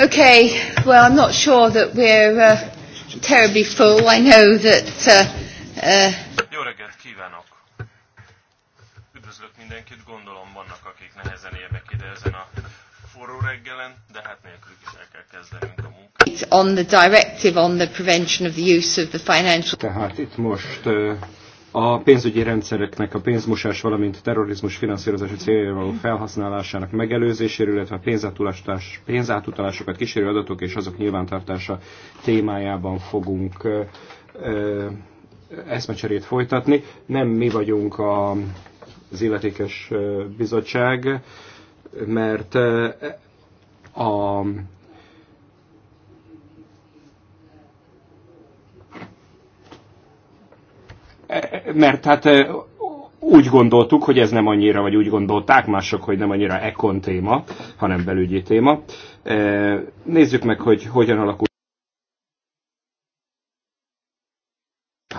Okay, well, I'm not sure that we're uh, terribly full. I know that. Uh, uh, Jó reggelt kívánok! Üdvözlök mindenkit, gondolom vannak, akik nehezen érnek ide ezen a forró reggelen, de hát nélkülük is el kell kezdenünk a munkát. On the directive on the prevention of the use of the financial. Tehát itt most uh, a pénzügyi rendszereknek a pénzmosás, valamint a terrorizmus finanszírozási céljára való felhasználásának megelőzéséről, illetve a pénzátutalásokat kísérő adatok és azok nyilvántartása témájában fogunk ö, ö, eszmecserét folytatni. Nem mi vagyunk a, az illetékes bizottság, mert a mert hát úgy gondoltuk, hogy ez nem annyira, vagy úgy gondolták mások, hogy nem annyira ekon téma, hanem belügyi téma. Nézzük meg, hogy hogyan alakul.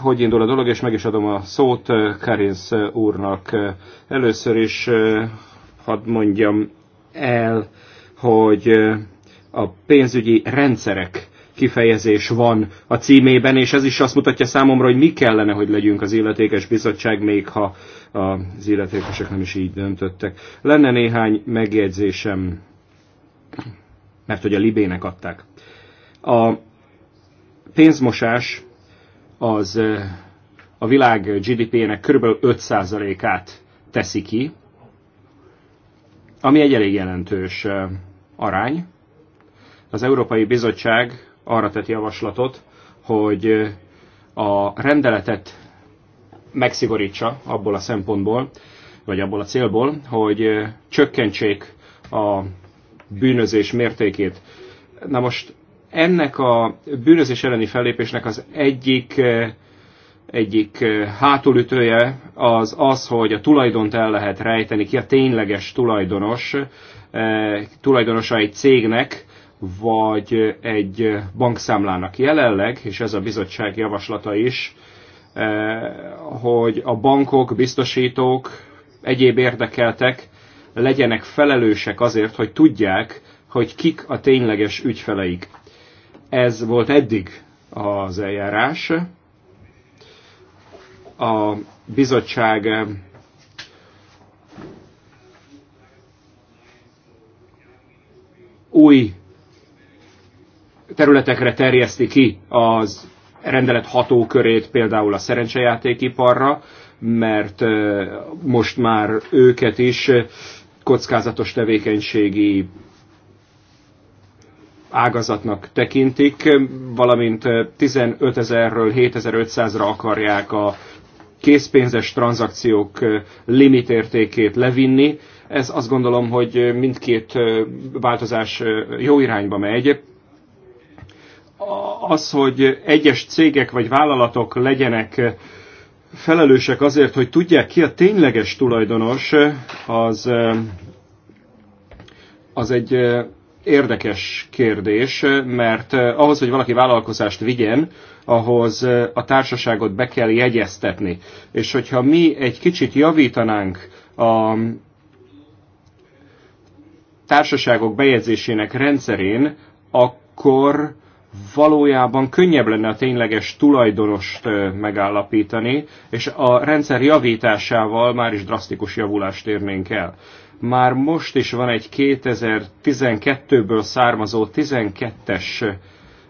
Hogy indul a dolog, és meg is adom a szót Karinz úrnak. Először is hadd mondjam el, hogy a pénzügyi rendszerek kifejezés van a címében, és ez is azt mutatja számomra, hogy mi kellene, hogy legyünk az illetékes bizottság, még ha az illetékesek nem is így döntöttek. Lenne néhány megjegyzésem, mert hogy a libének adták. A pénzmosás az eh, a világ GDP-nek kb. 5%-át teszi ki, ami egy elég jelentős eh, arány. Az Európai Bizottság arra tett javaslatot, hogy a rendeletet megszigorítsa abból a szempontból, vagy abból a célból, hogy csökkentsék a bűnözés mértékét. Na most ennek a bűnözés elleni fellépésnek az egyik, egyik hátulütője az az, hogy a tulajdont el lehet rejteni, ki a tényleges tulajdonos, tulajdonosa egy cégnek, vagy egy bankszámlának jelenleg, és ez a bizottság javaslata is, eh, hogy a bankok, biztosítók, egyéb érdekeltek legyenek felelősek azért, hogy tudják, hogy kik a tényleges ügyfeleik. Ez volt eddig az eljárás. A bizottság eh, új területekre terjeszti ki az rendelet hatókörét, például a szerencsejátékiparra, mert most már őket is kockázatos tevékenységi ágazatnak tekintik, valamint 15 ezerről 7500-ra akarják a készpénzes tranzakciók limitértékét levinni. Ez azt gondolom, hogy mindkét változás jó irányba megy, az, hogy egyes cégek vagy vállalatok legyenek eh, felelősek azért, hogy tudják ki a tényleges tulajdonos, eh, az, eh, az egy érdekes kérdés, mert ahhoz, hogy valaki vállalkozást vigyen, ahhoz a társaságot be kell jegyeztetni. És hogyha mi egy kicsit javítanánk a társaságok bejegyzésének rendszerén, akkor valójában könnyebb lenne a tényleges tulajdonost megállapítani, és a rendszer javításával már is drasztikus javulást érnénk el. Már most is van egy 2012-ből származó 12-es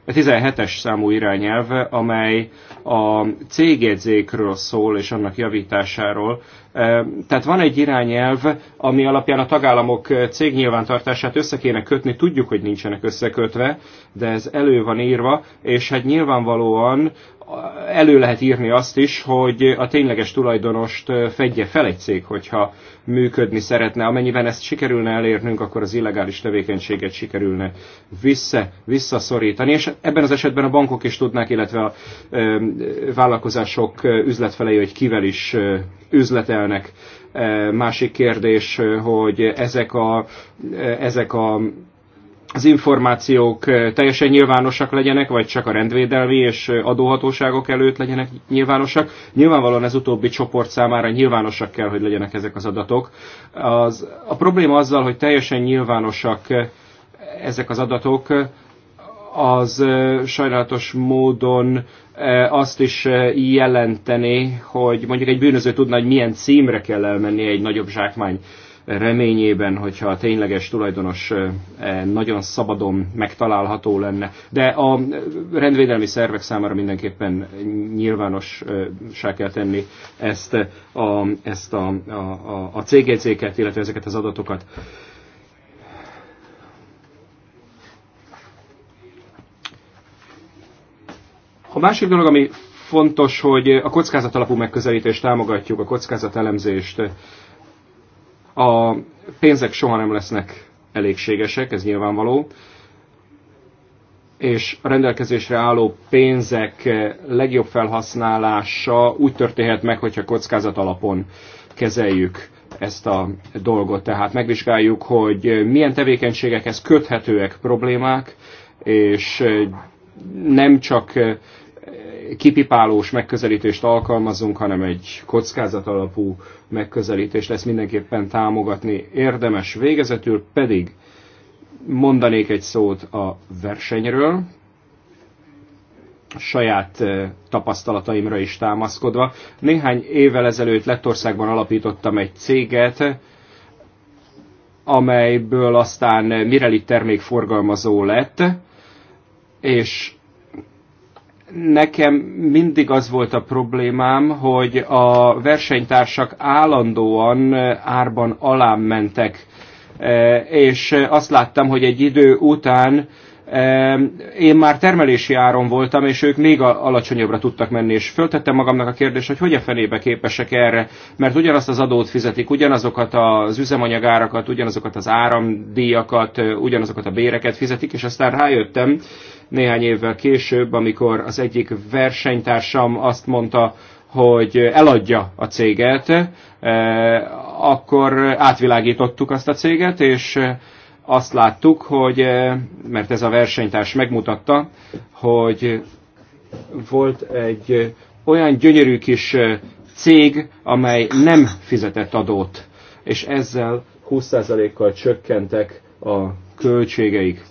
a 17-es számú irányelv, amely a cégjegyzékről szól és annak javításáról. E, tehát van egy irányelv, ami alapján a tagállamok cégnyilvántartását össze kéne kötni, tudjuk, hogy nincsenek összekötve, de ez elő van írva, és hát nyilvánvalóan elő lehet írni azt is, hogy a tényleges tulajdonost fedje fel egy cég, hogyha működni szeretne. Amennyiben ezt sikerülne elérnünk, akkor az illegális tevékenységet sikerülne vissza, visszaszorítani, és ebben az esetben a bankok is tudnák, illetve a vállalkozások üzletfelei, hogy kivel is üzletelnek. Másik kérdés, hogy ezek a, ezek a az információk teljesen nyilvánosak legyenek, vagy csak a rendvédelmi és adóhatóságok előtt legyenek nyilvánosak. Nyilvánvalóan ez utóbbi csoport számára nyilvánosak kell, hogy legyenek ezek az adatok. Az, a probléma azzal, hogy teljesen nyilvánosak ezek az adatok, az sajnálatos módon azt is jelenteni, hogy mondjuk egy bűnöző tudna, hogy milyen címre kell elmenni egy nagyobb zsákmány reményében, hogyha a tényleges tulajdonos e, nagyon szabadon megtalálható lenne. De a rendvédelmi szervek számára mindenképpen nyilvánossá kell tenni ezt a, ezt a, a, a, a CGC-ket, illetve ezeket az adatokat. A másik dolog, ami fontos, hogy a kockázat alapú megközelítést támogatjuk, a kockázat elemzést a pénzek soha nem lesznek elégségesek, ez nyilvánvaló, és a rendelkezésre álló pénzek legjobb felhasználása úgy történhet meg, hogyha kockázat alapon kezeljük ezt a dolgot. Tehát megvizsgáljuk, hogy milyen tevékenységekhez köthetőek problémák, és nem csak kipipálós megközelítést alkalmazunk, hanem egy kockázat alapú megközelítés lesz mindenképpen támogatni érdemes. Végezetül pedig mondanék egy szót a versenyről, saját eh, tapasztalataimra is támaszkodva. Néhány évvel ezelőtt Lettországban alapítottam egy céget, amelyből aztán Mireli termékforgalmazó lett, és nekem mindig az volt a problémám, hogy a versenytársak állandóan eh, árban alámentek, mentek, eh, és eh, azt láttam, hogy egy idő után én már termelési áron voltam, és ők még alacsonyabbra tudtak menni, és föltettem magamnak a kérdést, hogy hogy a fenébe képesek erre, mert ugyanazt az adót fizetik, ugyanazokat az üzemanyagárakat, ugyanazokat az áramdíjakat, ugyanazokat a béreket fizetik, és aztán rájöttem néhány évvel később, amikor az egyik versenytársam azt mondta, hogy eladja a céget, akkor átvilágítottuk azt a céget, és azt láttuk, hogy, eh, mert ez a versenytárs megmutatta, hogy volt egy eh, olyan gyönyörű kis eh, cég, amely nem fizetett adót, és ezzel 20%-kal csökkentek a költségeik.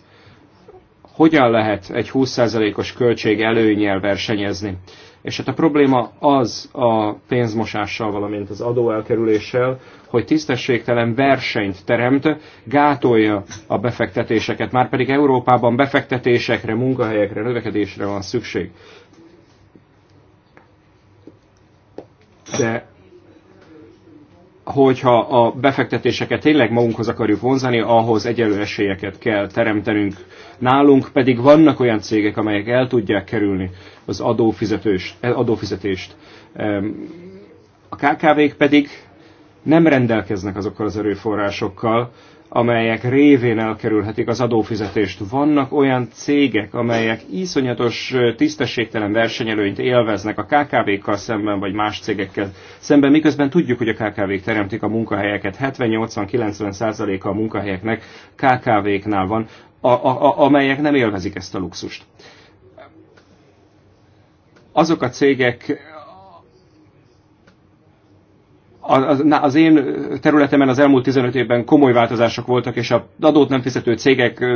Hogyan lehet egy 20%-os költség előnyel versenyezni? És hát a probléma az a pénzmosással, valamint az adóelkerüléssel, hogy tisztességtelen versenyt teremt, gátolja a befektetéseket, már pedig Európában befektetésekre, munkahelyekre, növekedésre van szükség. De hogyha a befektetéseket tényleg magunkhoz akarjuk vonzani, ahhoz egyenlő esélyeket kell teremtenünk. Nálunk pedig vannak olyan cégek, amelyek el tudják kerülni az eh, adófizetést. A KKV-k pedig nem rendelkeznek azokkal az erőforrásokkal, amelyek révén elkerülhetik az adófizetést. Vannak olyan cégek, amelyek iszonyatos tisztességtelen versenyelőnyt élveznek a KKV-kkal szemben, vagy más cégekkel szemben, miközben tudjuk, hogy a KKV-k teremtik a munkahelyeket. 70-80-90 százaléka a munkahelyeknek KKV-knál van, a, a, a, amelyek nem élvezik ezt a luxust azok a cégek, az én területemen az elmúlt 15 évben komoly változások voltak, és az adót nem fizető cégek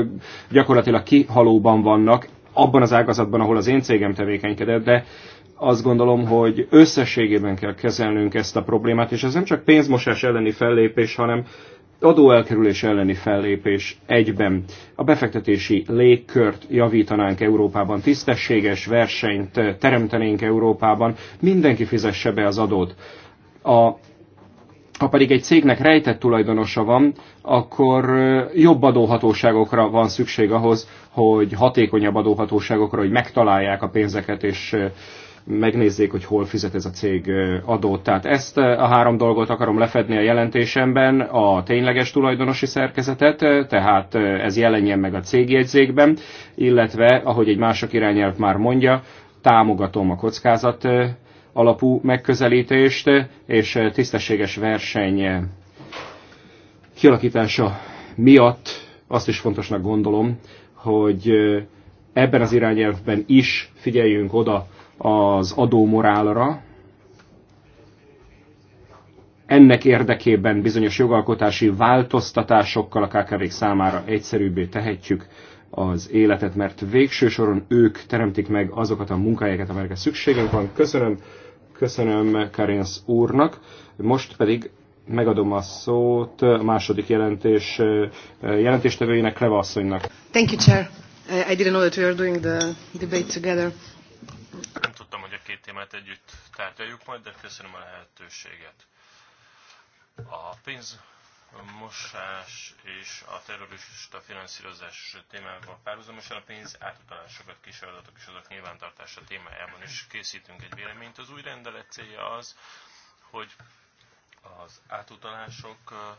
gyakorlatilag kihalóban vannak, abban az ágazatban, ahol az én cégem tevékenykedett, de azt gondolom, hogy összességében kell kezelnünk ezt a problémát, és ez nem csak pénzmosás elleni fellépés, hanem adóelkerülés elleni fellépés egyben. A befektetési légkört javítanánk Európában, tisztességes versenyt teremtenénk Európában, mindenki fizesse be az adót. A ha pedig egy cégnek rejtett tulajdonosa van, akkor jobb adóhatóságokra van szükség ahhoz, hogy hatékonyabb adóhatóságokra, hogy megtalálják a pénzeket, és megnézzék, hogy hol fizet ez a cég adót. Tehát ezt a három dolgot akarom lefedni a jelentésemben, a tényleges tulajdonosi szerkezetet, tehát ez jelenjen meg a cégjegyzékben, illetve, ahogy egy mások irányelv már mondja, támogatom a kockázat alapú megközelítést és tisztességes verseny kialakítása miatt azt is fontosnak gondolom, hogy ebben az irányelvben is figyeljünk oda az adómorálra. Ennek érdekében bizonyos jogalkotási változtatásokkal a kkv számára egyszerűbbé tehetjük az életet, mert végső soron ők teremtik meg azokat a munkahelyeket, amelyekre szükségünk van. Köszönöm Köszönöm Karinsz úrnak. Most pedig megadom a szót a második jelentés jelentéstevőjének, Kleva asszonynak. Thank you, Chair. I didn't know that we were doing the debate together. Nem tudtam, hogy a két témát együtt tárgyaljuk majd, de köszönöm a lehetőséget. A pénz mosás és a terrorista finanszírozás témában párhuzamosan a pénz átutalásokat kísérletek és azok nyilvántartása témájában is készítünk egy véleményt. Az új rendelet célja az, hogy az átutalások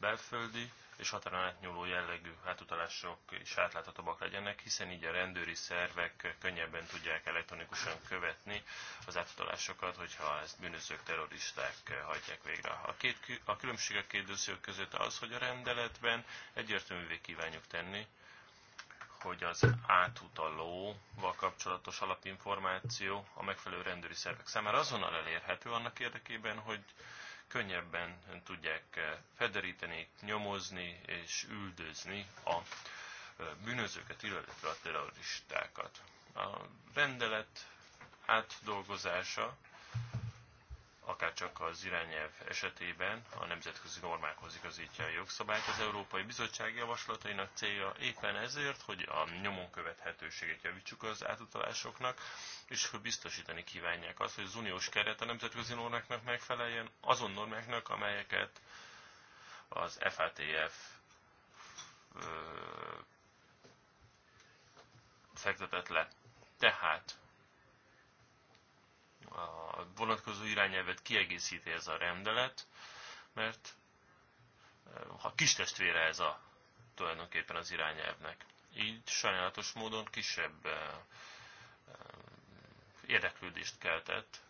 belföldi és határon átnyúló jellegű átutalások is átláthatóbbak legyenek, hiszen így a rendőri szervek könnyebben tudják elektronikusan követni az átutalásokat, hogyha ezt bűnözők, terroristák hagyják végre. A, két, a különbség a két dosszió között az, hogy a rendeletben egyértelművé kívánjuk tenni, hogy az átutalóval kapcsolatos alapinformáció a megfelelő rendőri szervek számára azonnal elérhető annak érdekében, hogy könnyebben tudják eh, federíteni, nyomozni és üldözni a eh, bűnözőket, illetve a terroristákat. A rendelet átdolgozása csak az irányelv esetében a nemzetközi normákhoz igazítja a jogszabályt. Az Európai Bizottság javaslatainak célja éppen ezért, hogy a nyomon követhetőséget javítsuk az átutalásoknak, és hogy biztosítani kívánják azt, hogy az uniós keret a nemzetközi normáknak megfeleljen, azon normáknak, amelyeket az FATF fektetett le. Tehát a vonatkozó irányelvet kiegészíti ez a rendelet, mert eh, ha kis testvére ez a tulajdonképpen az irányelvnek. Így sajnálatos módon kisebb eh, eh, érdeklődést keltett.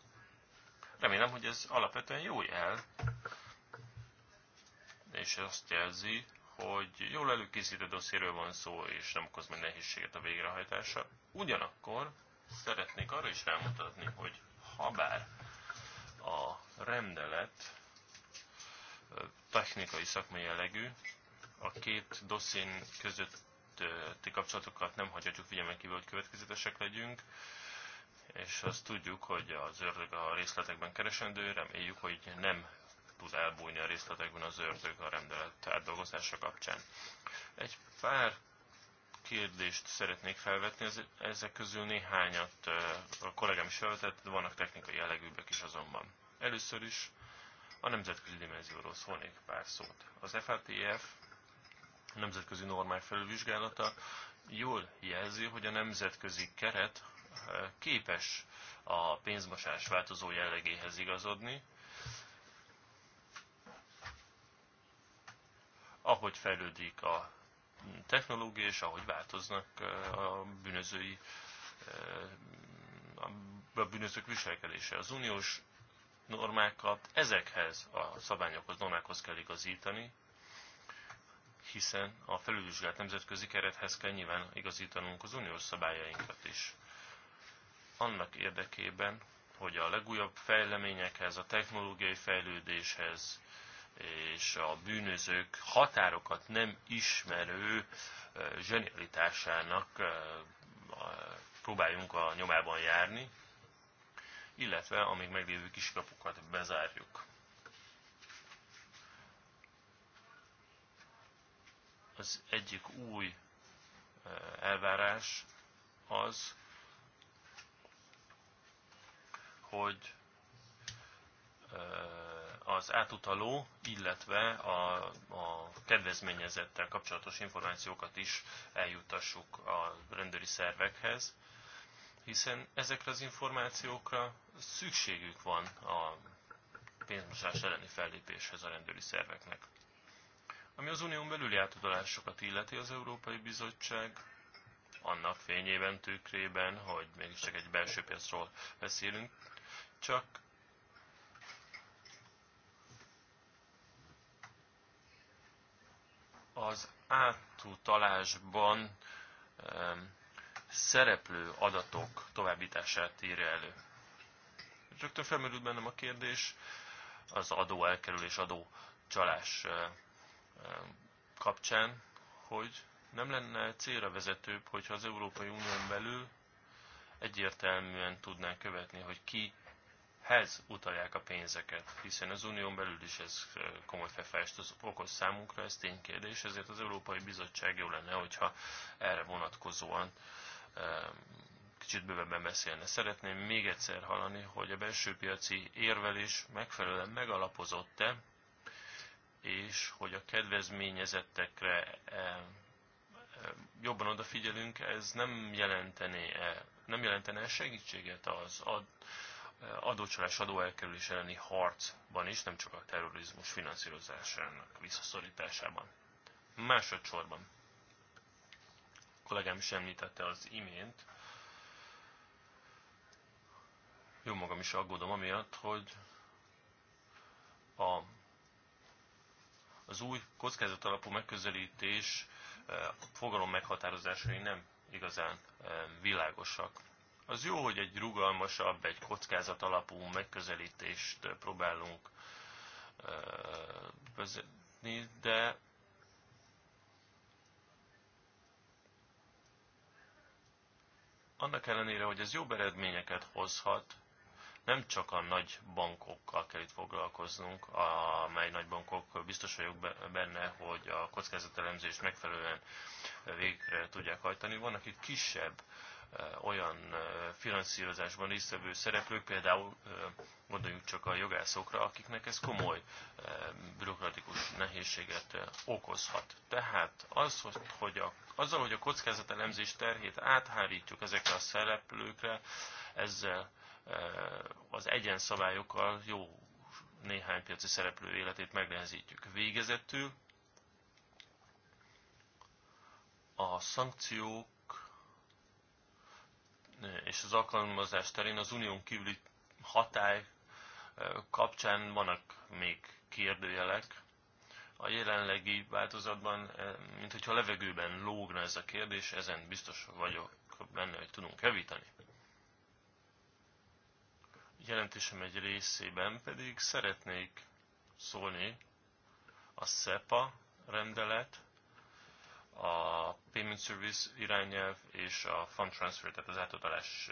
Remélem, hogy ez alapvetően jó jel, és azt jelzi, hogy jól előkészített dosszéről van szó, és nem okoz meg nehézséget a végrehajtása. Ugyanakkor szeretnék arra is rámutatni, hogy habár a rendelet technikai szakmai jellegű, a két doszín közötti kapcsolatokat nem hagyhatjuk figyelmen kívül, hogy következetesek legyünk, és azt tudjuk, hogy az ördög a részletekben keresendő, reméljük, hogy nem tud elbújni a részletekben az ördög a rendelet átdolgozása kapcsán. Egy pár kérdést szeretnék felvetni, ezek közül néhányat a kollégám is felvetett, de vannak technikai jellegűbbek is azonban. Először is a nemzetközi dimenzióról szólnék pár szót. Az FATF a nemzetközi normák felülvizsgálata jól jelzi, hogy a nemzetközi keret képes a pénzmosás változó jellegéhez igazodni, ahogy fejlődik a technológia, és ahogy változnak a bűnözői a bűnözők viselkedése. Az uniós normákat ezekhez a szabályokhoz, normákhoz kell igazítani, hiszen a felülvizsgált nemzetközi kerethez kell nyilván igazítanunk az uniós szabályainkat is. Annak érdekében, hogy a legújabb fejleményekhez, a technológiai fejlődéshez és a bűnözők határokat nem ismerő zsenialitásának próbáljunk a nyomában járni, illetve a még meglévő kiskapukat bezárjuk. Az egyik új elvárás az, hogy az átutaló, illetve a, a kedvezményezettel kapcsolatos információkat is eljuttassuk a rendőri szervekhez, hiszen ezekre az információkra szükségük van a pénzmosás elleni fellépéshez a rendőri szerveknek. Ami az unión belüli átutalásokat illeti, az Európai Bizottság annak fényében, tükrében, hogy mégiscsak egy belső piacról beszélünk, csak az átutalásban szereplő adatok továbbítását írja elő. Rögtön felmerült bennem a kérdés, az adó elkerülés, adó csalás kapcsán, hogy nem lenne célra vezetőbb, hogyha az Európai Unión belül egyértelműen tudnánk követni, hogy ki hez utalják a pénzeket, hiszen az unión belül is ez komoly fefást az okoz számunkra, ez ténykérdés, ezért az Európai Bizottság jó lenne, hogyha erre vonatkozóan kicsit bővebben beszélne. Szeretném még egyszer hallani, hogy a belső piaci érvelés megfelelően megalapozott-e, és hogy a kedvezményezettekre jobban odafigyelünk, ez nem jelentene, nem jelentene segítséget az ad, adócsalás adóelkerülés elleni harcban is, nem csak a terrorizmus finanszírozásának visszaszorításában. Másodszorban, a kollégám is említette az imént, jó magam is aggódom amiatt, hogy a, az új kockázat alapú megközelítés eh, a fogalom meghatározásai nem igazán eh, világosak. Az jó, hogy egy rugalmasabb, egy kockázat alapú megközelítést próbálunk vezetni, de annak ellenére, hogy ez jobb eredményeket hozhat, nem csak a nagy bankokkal kell itt foglalkoznunk, amely nagy bankok biztos vagyok benne, hogy a kockázatelemzést megfelelően végre tudják hajtani. Vannak itt kisebb olyan finanszírozásban résztvevő szereplők, például gondoljunk csak a jogászokra, akiknek ez komoly bürokratikus nehézséget okozhat. Tehát az, hogy a, azzal, hogy a kockázatelemzés terhét áthárítjuk ezekre a szereplőkre, ezzel az egyenszabályokkal jó néhány piaci szereplő életét megnehezítjük. Végezetül a szankciók és az alkalmazás terén az unión kívüli hatály kapcsán vannak még kérdőjelek. A jelenlegi változatban, mint hogyha levegőben lógna ez a kérdés, ezen biztos vagyok benne, hogy tudunk javítani. Jelentésem egy részében pedig szeretnék szólni a SEPA rendelet a Payment Service irányelv és a Fund Transfer, tehát az átutalás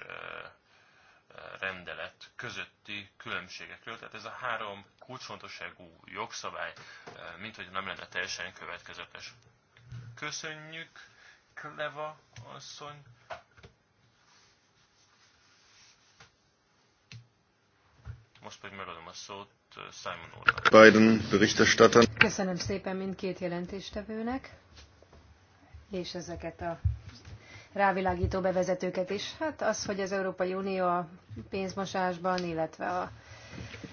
rendelet közötti különbségekről. Tehát ez a három kulcsfontosságú jogszabály, mint hogy nem lenne teljesen következetes. Köszönjük, Kleva asszony! Most pedig megadom a szót Simon úrnak. Biden Berichterstatter. Köszönöm szépen mindkét jelentéstevőnek és ezeket a rávilágító bevezetőket is. Hát az, hogy az Európai Unió a pénzmosásban, illetve a,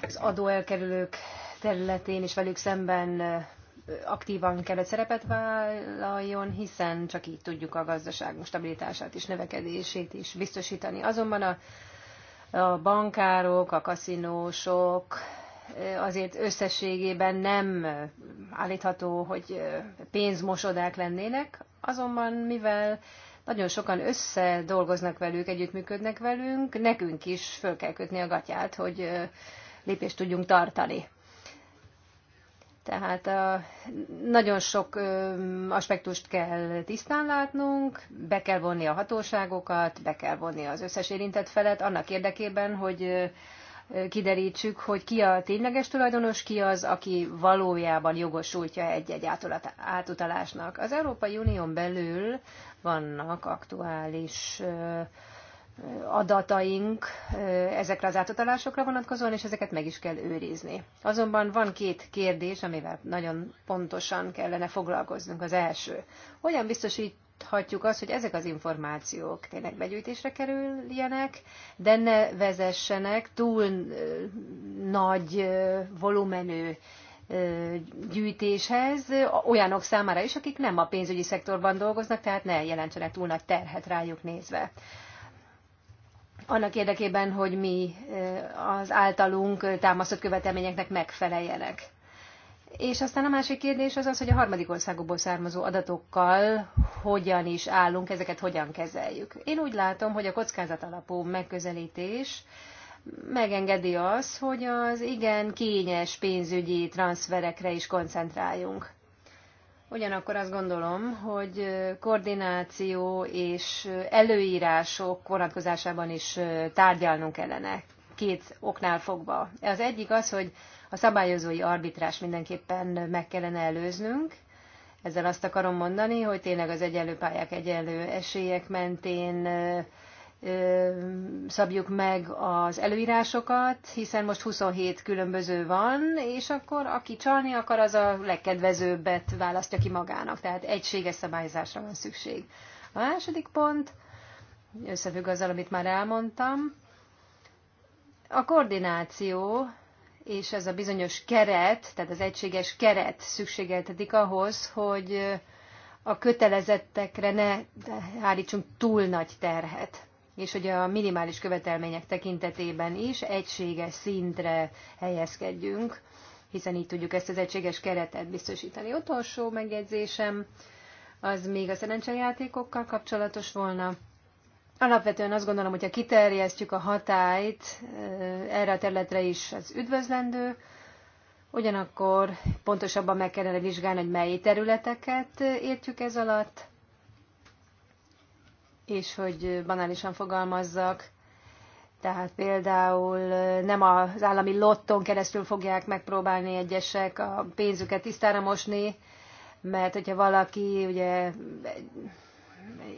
az adóelkerülők területén és velük szemben aktívan kellett szerepet vállaljon, hiszen csak így tudjuk a gazdaság stabilitását és növekedését is biztosítani. Azonban a, a bankárok, a kaszinósok, azért összességében nem állítható, hogy pénzmosodák lennének, azonban mivel nagyon sokan összedolgoznak velük, együttműködnek velünk, nekünk is föl kell kötni a gatyát, hogy lépést tudjunk tartani. Tehát a, nagyon sok ö, aspektust kell tisztán látnunk, be kell vonni a hatóságokat, be kell vonni az összes érintett felet, annak érdekében, hogy kiderítsük, hogy ki a tényleges tulajdonos, ki az, aki valójában jogosultja egy-egy átutalásnak. Az Európai Unión belül vannak aktuális adataink ezekre az átutalásokra vonatkozóan, és ezeket meg is kell őrizni. Azonban van két kérdés, amivel nagyon pontosan kellene foglalkoznunk. Az első, hogyan biztosít támogathatjuk azt, hogy ezek az információk tényleg begyűjtésre kerüljenek, de ne vezessenek túl nagy volumenű gyűjtéshez olyanok számára is, akik nem a pénzügyi szektorban dolgoznak, tehát ne jelentsenek túl nagy terhet rájuk nézve. Annak érdekében, hogy mi az általunk támasztott követelményeknek megfeleljenek. És aztán a másik kérdés az az, hogy a harmadik országokból származó adatokkal hogyan is állunk, ezeket hogyan kezeljük. Én úgy látom, hogy a kockázat alapú megközelítés megengedi az, hogy az igen kényes pénzügyi transzferekre is koncentráljunk. Ugyanakkor azt gondolom, hogy koordináció és előírások vonatkozásában is tárgyalnunk kellene két oknál fogva. Az egyik az, hogy a szabályozói arbitrás mindenképpen meg kellene előznünk. Ezzel azt akarom mondani, hogy tényleg az egyenlő pályák egyenlő esélyek mentén szabjuk meg az előírásokat, hiszen most 27 különböző van, és akkor aki csalni akar, az a legkedvezőbbet választja ki magának. Tehát egységes szabályzásra van szükség. A második pont összefügg azzal, amit már elmondtam, a koordináció és ez a bizonyos keret, tehát az egységes keret szükségeltetik ahhoz, hogy a kötelezettekre ne állítsunk túl nagy terhet, és hogy a minimális követelmények tekintetében is egységes szintre helyezkedjünk, hiszen így tudjuk ezt az egységes keretet biztosítani. Utolsó megjegyzésem az még a szerencsejátékokkal kapcsolatos volna. Alapvetően azt gondolom, hogy ha kiterjesztjük a hatályt eh, erre a területre is, az üdvözlendő, ugyanakkor pontosabban meg kellene vizsgálni, hogy mely területeket értjük ez alatt, és hogy banálisan fogalmazzak, tehát például eh, nem az állami lotton keresztül fogják megpróbálni egyesek a pénzüket tisztára mosni, mert hogyha valaki ugye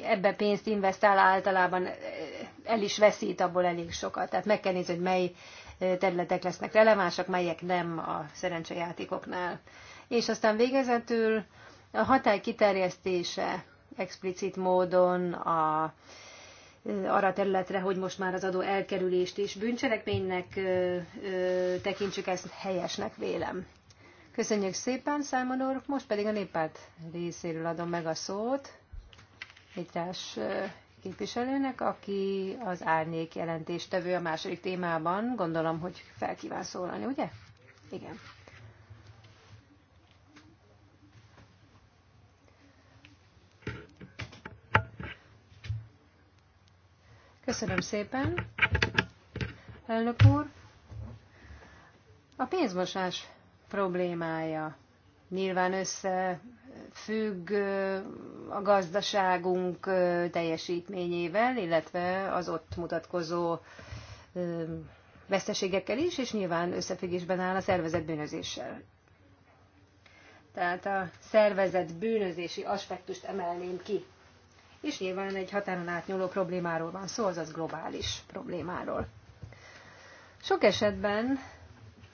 ebbe pénzt investál, általában eh, el is veszít abból elég sokat. Tehát meg kell nézni, hogy mely eh, területek lesznek relevánsak, melyek nem a szerencsejátékoknál. És aztán végezetül a hatály kiterjesztése explicit módon a, eh, arra területre, hogy most már az adó elkerülést is bűncselekménynek ö, ö, tekintsük, ezt helyesnek vélem. Köszönjük szépen, Simon úr. Most pedig a néppárt részéről adom meg a szót. Vitrás képviselőnek, aki az árnyék jelentéstevő a második témában. Gondolom, hogy fel kíván szólalni, ugye? Igen. Köszönöm szépen, elnök úr. A pénzmosás problémája nyilván össze függ a gazdaságunk teljesítményével, illetve az ott mutatkozó veszteségekkel is, és nyilván összefüggésben áll a szervezet bűnözéssel. Tehát a szervezet bűnözési aspektust emelném ki. És nyilván egy határon átnyúló problémáról van szó, azaz globális problémáról. Sok esetben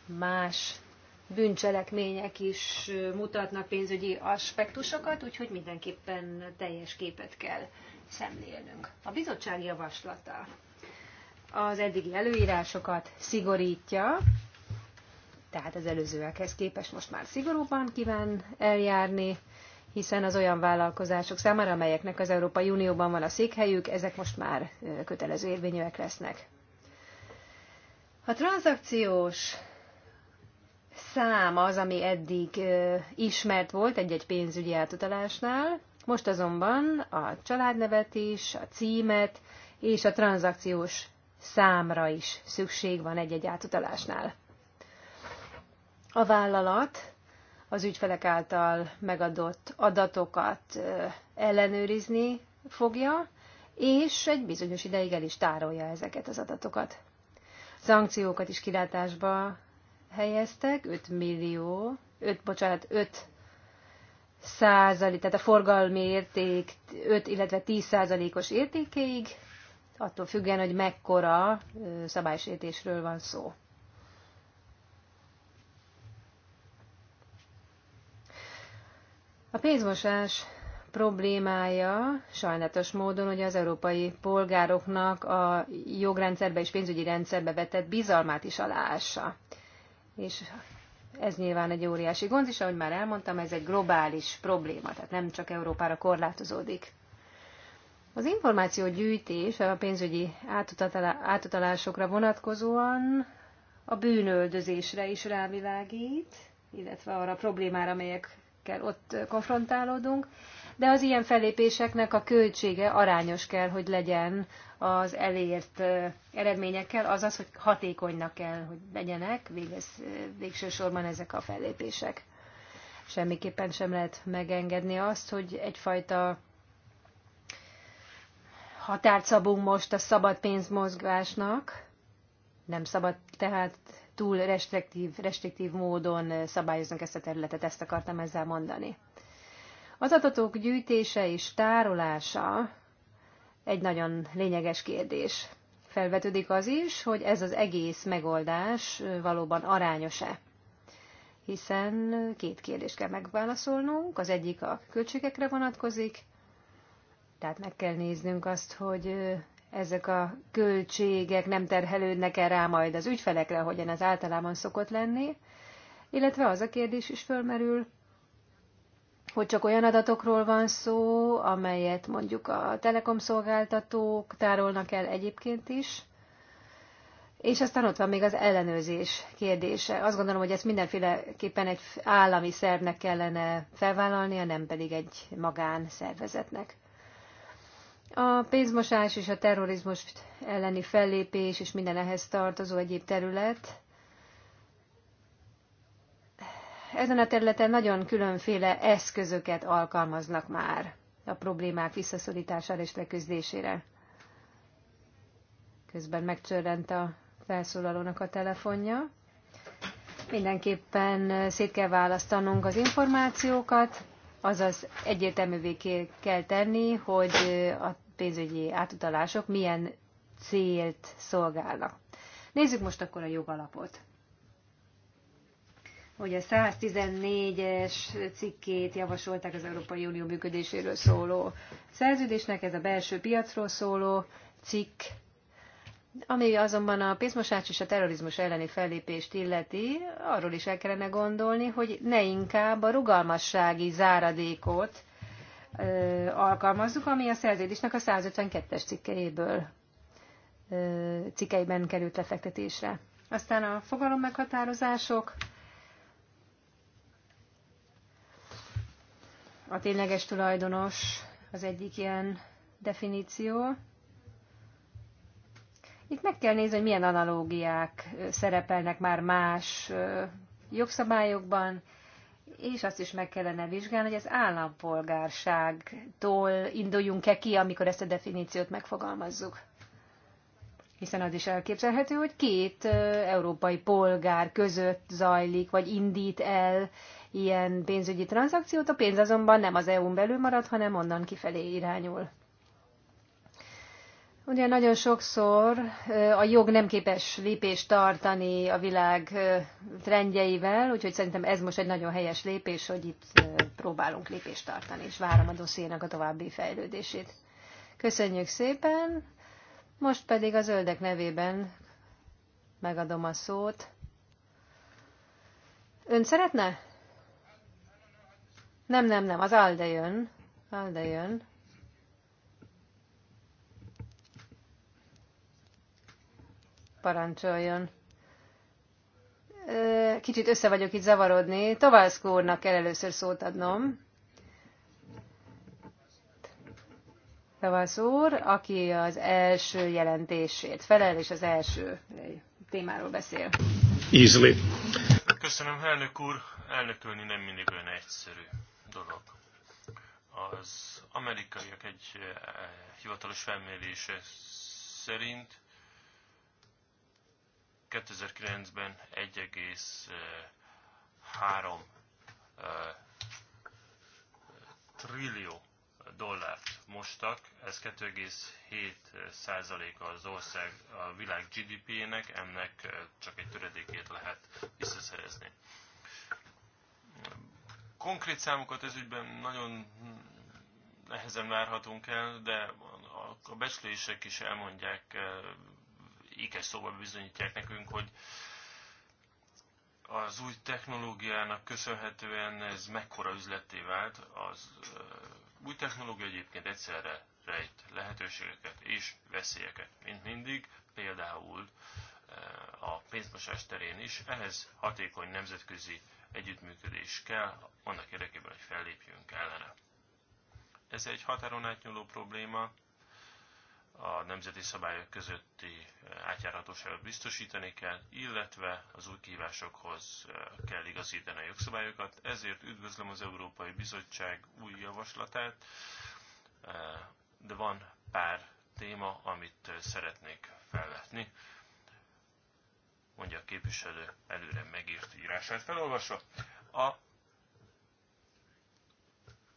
más bűncselekmények is mutatnak pénzügyi aspektusokat, úgyhogy mindenképpen teljes képet kell szemlélnünk. A bizottság javaslata az eddigi előírásokat szigorítja, tehát az előzőekhez képest most már szigorúban kíván eljárni, hiszen az olyan vállalkozások számára, amelyeknek az Európai Unióban van a székhelyük, ezek most már kötelező érvényűek lesznek. A tranzakciós szám az, ami eddig ismert volt egy-egy pénzügyi átutalásnál, most azonban a családnevet is, a címet és a tranzakciós számra is szükség van egy-egy átutalásnál. A vállalat az ügyfelek által megadott adatokat ellenőrizni fogja, és egy bizonyos ideig el is tárolja ezeket az adatokat. Szankciókat is kilátásba helyeztek, 5 millió, 5, bocsánat, 5 százalék, tehát a forgalmi érték 5, illetve 10 százalékos értékéig, attól függően, hogy mekkora szabálysértésről van szó. A pénzmosás problémája sajnálatos módon hogy az európai polgároknak a jogrendszerbe és pénzügyi rendszerbe vetett bizalmát is aláássa és ez nyilván egy óriási gond, és ahogy már elmondtam, ez egy globális probléma, tehát nem csak Európára korlátozódik. Az információgyűjtés a pénzügyi átutalásokra vonatkozóan a bűnöldözésre is rávilágít, illetve arra a problémára, amelyekkel ott konfrontálódunk, de az ilyen fellépéseknek a költsége arányos kell, hogy legyen az elért eredményekkel, azaz, hogy hatékonynak kell, hogy legyenek végez, végső sorban ezek a fellépések. Semmiképpen sem lehet megengedni azt, hogy egyfajta határt szabunk most a szabad pénzmozgásnak, nem szabad tehát túl restriktív, restriktív módon szabályozunk ezt a területet, ezt akartam ezzel mondani. Az adatok gyűjtése és tárolása egy nagyon lényeges kérdés. Felvetődik az is, hogy ez az egész megoldás valóban arányos-e. Hiszen két kérdést kell megválaszolnunk, az egyik a költségekre vonatkozik, tehát meg kell néznünk azt, hogy ezek a költségek nem terhelődnek-e rá majd az ügyfelekre, ahogyan ez általában szokott lenni, illetve az a kérdés is fölmerül, hogy csak olyan adatokról van szó, amelyet mondjuk a telekom szolgáltatók tárolnak el egyébként is, és aztán ott van még az ellenőrzés kérdése. Azt gondolom, hogy ezt mindenféleképpen egy állami szervnek kellene felvállalnia, nem pedig egy magán szervezetnek. A pénzmosás és a terrorizmus elleni fellépés és minden ehhez tartozó egyéb terület ezen a területen nagyon különféle eszközöket alkalmaznak már a problémák visszaszorítására és leküzdésére. Közben megcsörrent a felszólalónak a telefonja. Mindenképpen szét kell választanunk az információkat, azaz egyértelművé kell tenni, hogy a pénzügyi átutalások milyen célt szolgálnak. Nézzük most akkor a jogalapot hogy a 114-es cikkét javasolták az Európai Unió működéséről szóló szerződésnek, ez a belső piacról szóló cikk, ami azonban a pénzmosás és a terrorizmus elleni fellépést illeti, arról is el kellene gondolni, hogy ne inkább a rugalmassági záradékot ö, alkalmazzuk, ami a szerződésnek a 152-es cikkeiből cikkeiben került lefektetésre. Aztán a fogalom meghatározások, A tényleges tulajdonos az egyik ilyen definíció. Itt meg kell nézni, hogy milyen analógiák szerepelnek már más jogszabályokban, és azt is meg kellene vizsgálni, hogy az állampolgárságtól induljunk-e ki, amikor ezt a definíciót megfogalmazzuk. Hiszen az is elképzelhető, hogy két európai polgár között zajlik, vagy indít el ilyen pénzügyi tranzakciót, a pénz azonban nem az EU-n belül marad, hanem onnan kifelé irányul. Ugye nagyon sokszor a jog nem képes lépést tartani a világ trendjeivel, úgyhogy szerintem ez most egy nagyon helyes lépés, hogy itt próbálunk lépést tartani, és várom a dossziénak a további fejlődését. Köszönjük szépen, most pedig a zöldek nevében megadom a szót. Ön szeretne nem, nem, nem, az Alde jön. Alde jön. Parancsoljon. Kicsit össze vagyok itt zavarodni. Tovalszkó úrnak kell először szót adnom. Tavasz úr, aki az első jelentését felel, és az első témáról beszél. Easily. Köszönöm, elnök úr. Elnökölni nem mindig olyan egyszerű dolog. Az amerikaiak egy eh, hivatalos felmérése szerint 2009-ben 1,3 eh, eh, trillió dollárt mostak, ez 2,7 százaléka az ország a világ GDP-nek, ennek csak egy töredékét lehet visszaszerezni. Konkrét számokat ezügyben nagyon nehezen várhatunk el, de a becslések is elmondják, e, ékes szóval bizonyítják nekünk, hogy az új technológiának köszönhetően ez mekkora üzletté vált. Az e, új technológia egyébként egyszerre rejt lehetőségeket és veszélyeket, mint mindig, például e, a pénzmosás terén is. Ehhez hatékony nemzetközi együttműködés kell, annak érdekében, hogy fellépjünk ellene. Ez egy határon átnyúló probléma, a nemzeti szabályok közötti eh, átjárhatóságot biztosítani kell, illetve az új kihívásokhoz eh, kell igazítani a jogszabályokat. Ezért üdvözlöm az Európai Bizottság új javaslatát, eh, de van pár téma, amit szeretnék felvetni mondja a képviselő előre megírt írását felolvasva. A,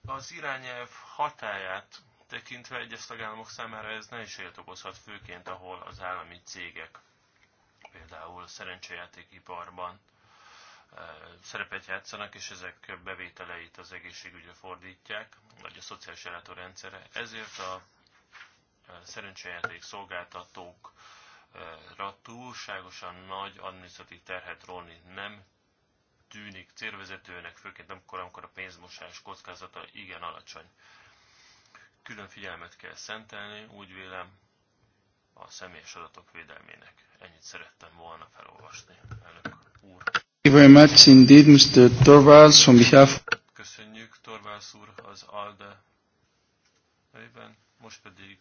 az irányelv hatáját tekintve egyes tagállamok számára ez nehézséget okozhat, főként ahol az állami cégek, például szerencsejátékiparban e, szerepet játszanak, és ezek bevételeit az egészségügyre fordítják, vagy a szociális ellátórendszerre. Ezért a e, szerencsejáték szolgáltatók ra túlságosan nagy adminisztratív terhet róni nem tűnik célvezetőnek, főként amikor, amikor a pénzmosás kockázata igen alacsony. Külön figyelmet kell szentelni, úgy vélem, a személyes adatok védelmének. Ennyit szerettem volna felolvasni, elnök úr. Thank you very much indeed, Mr. on behalf... Köszönjük, Torvalds úr, az ALDE. Most pedig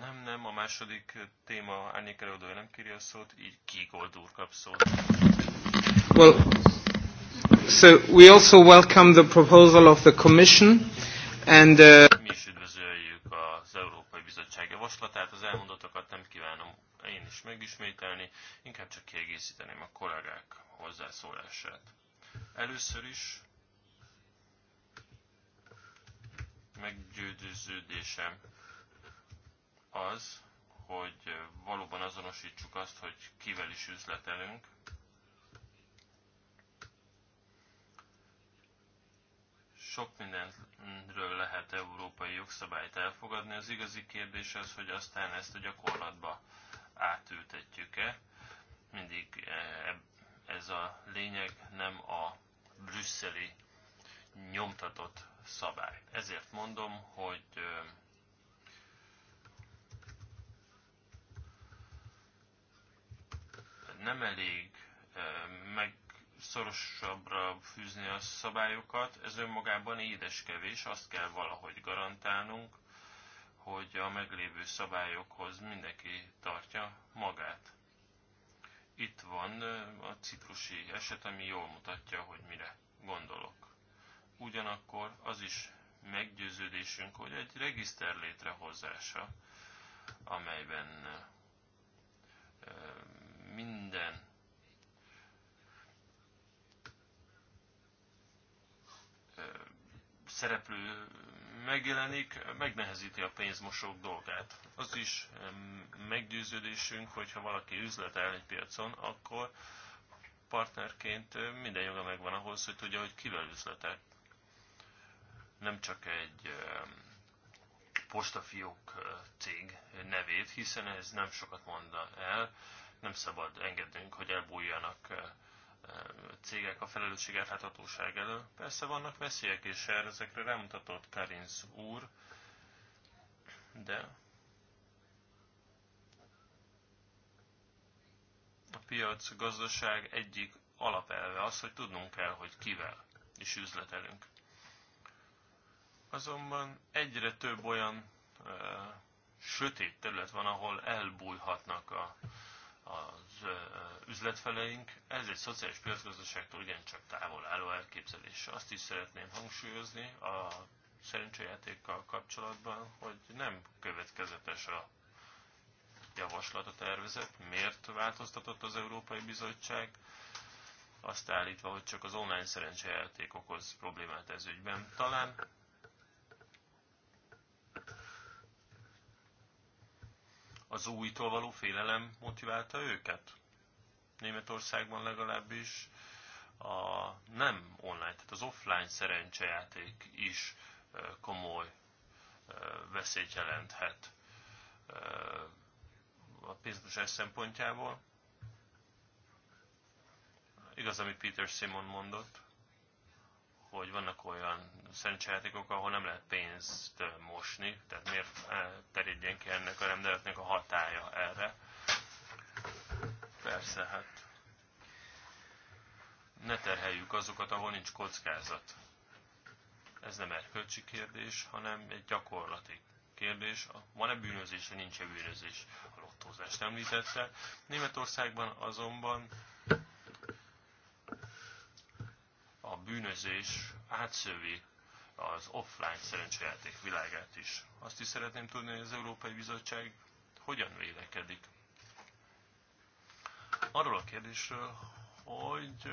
nem, nem, a második téma árnyék előadója nem kéri a szót, így Kigold úr kap szót. Well, so we also welcome the proposal of the Commission and uh... Mi is üdvözöljük az Európai Bizottság javaslatát, az elmondatokat nem kívánom én is megismételni, inkább csak kiegészíteném a kollégák hozzászólását. Először is meggyőződésem, az, hogy valóban azonosítsuk azt, hogy kivel is üzletelünk, sok mindenről lehet európai jogszabályt elfogadni. Az igazi kérdés az, hogy aztán ezt a gyakorlatba átültetjük-e. Mindig eh, ez a lényeg, nem a brüsszeli nyomtatott szabály. Ezért mondom, hogy eh, nem elég meg szorosabbra fűzni a szabályokat, ez önmagában édes kevés, azt kell valahogy garantálnunk, hogy a meglévő szabályokhoz mindenki tartja magát. Itt van a citrusi eset, ami jól mutatja, hogy mire gondolok. Ugyanakkor az is meggyőződésünk, hogy egy regiszter létrehozása, amelyben minden szereplő megjelenik, megnehezíti a pénzmosók dolgát. Az is meggyőződésünk, hogy ha valaki üzletel egy piacon, akkor partnerként minden joga megvan ahhoz, hogy tudja, hogy kivel üzletel. Nem csak egy postafiók cég nevét, hiszen ez nem sokat mond el, nem szabad engednünk, hogy elbújjanak cégek a felelősség átláthatóság elől. Persze vannak veszélyek, is erre ezekre rámutatott Karinz úr, de a piac gazdaság egyik alapelve az, hogy tudnunk kell, hogy kivel is üzletelünk. Azonban egyre több olyan ö, sötét terület van, ahol elbújhatnak a az üzletfeleink. Ez egy szociális piacgazdaságtól igencsak távol álló elképzelés. Azt is szeretném hangsúlyozni a szerencsejátékkal kapcsolatban, hogy nem következetes a javaslat, a tervezet, miért változtatott az Európai Bizottság, azt állítva, hogy csak az online szerencsejáték okoz problémát ez ügyben. Talán az újtól való félelem motiválta őket? Németországban legalábbis a nem online, tehát az offline szerencsejáték is komoly veszélyt jelenthet a pénzmosás szempontjából. Igaz, amit Peter Simon mondott hogy vannak olyan szerencsejátékok, ahol nem lehet pénzt mosni, tehát miért terjedjen ki ennek a rendeletnek a hatája erre. Persze, hát ne terheljük azokat, ahol nincs kockázat. Ez nem erkölcsi kérdés, hanem egy gyakorlati kérdés. Van-e bűnözés, vagy nincs-e bűnözés? A lottózást említette. Németországban azonban bűnözés átszövi az offline szerencsejáték világát is. Azt is szeretném tudni, hogy az Európai Bizottság hogyan vélekedik arról a kérdésről, hogy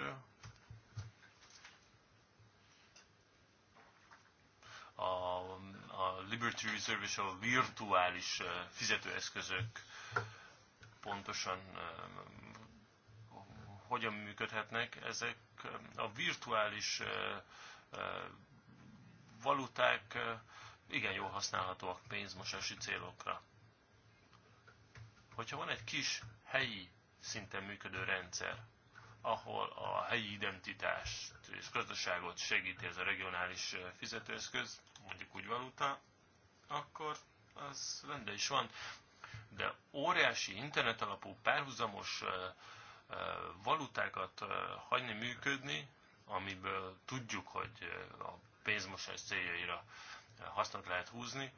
a, a Liberty Reserve és a virtuális fizetőeszközök pontosan hogyan működhetnek ezek a virtuális valuták igen jól használhatóak pénzmosási célokra. Hogyha van egy kis helyi szinten működő rendszer, ahol a helyi identitást és gazdaságot segíti ez a regionális fizetőeszköz, mondjuk úgy valuta, akkor az rendben is van. De óriási internet alapú párhuzamos uh, valutákat hagyni működni, amiből tudjuk, hogy a pénzmosás céljaira hasznot lehet húzni,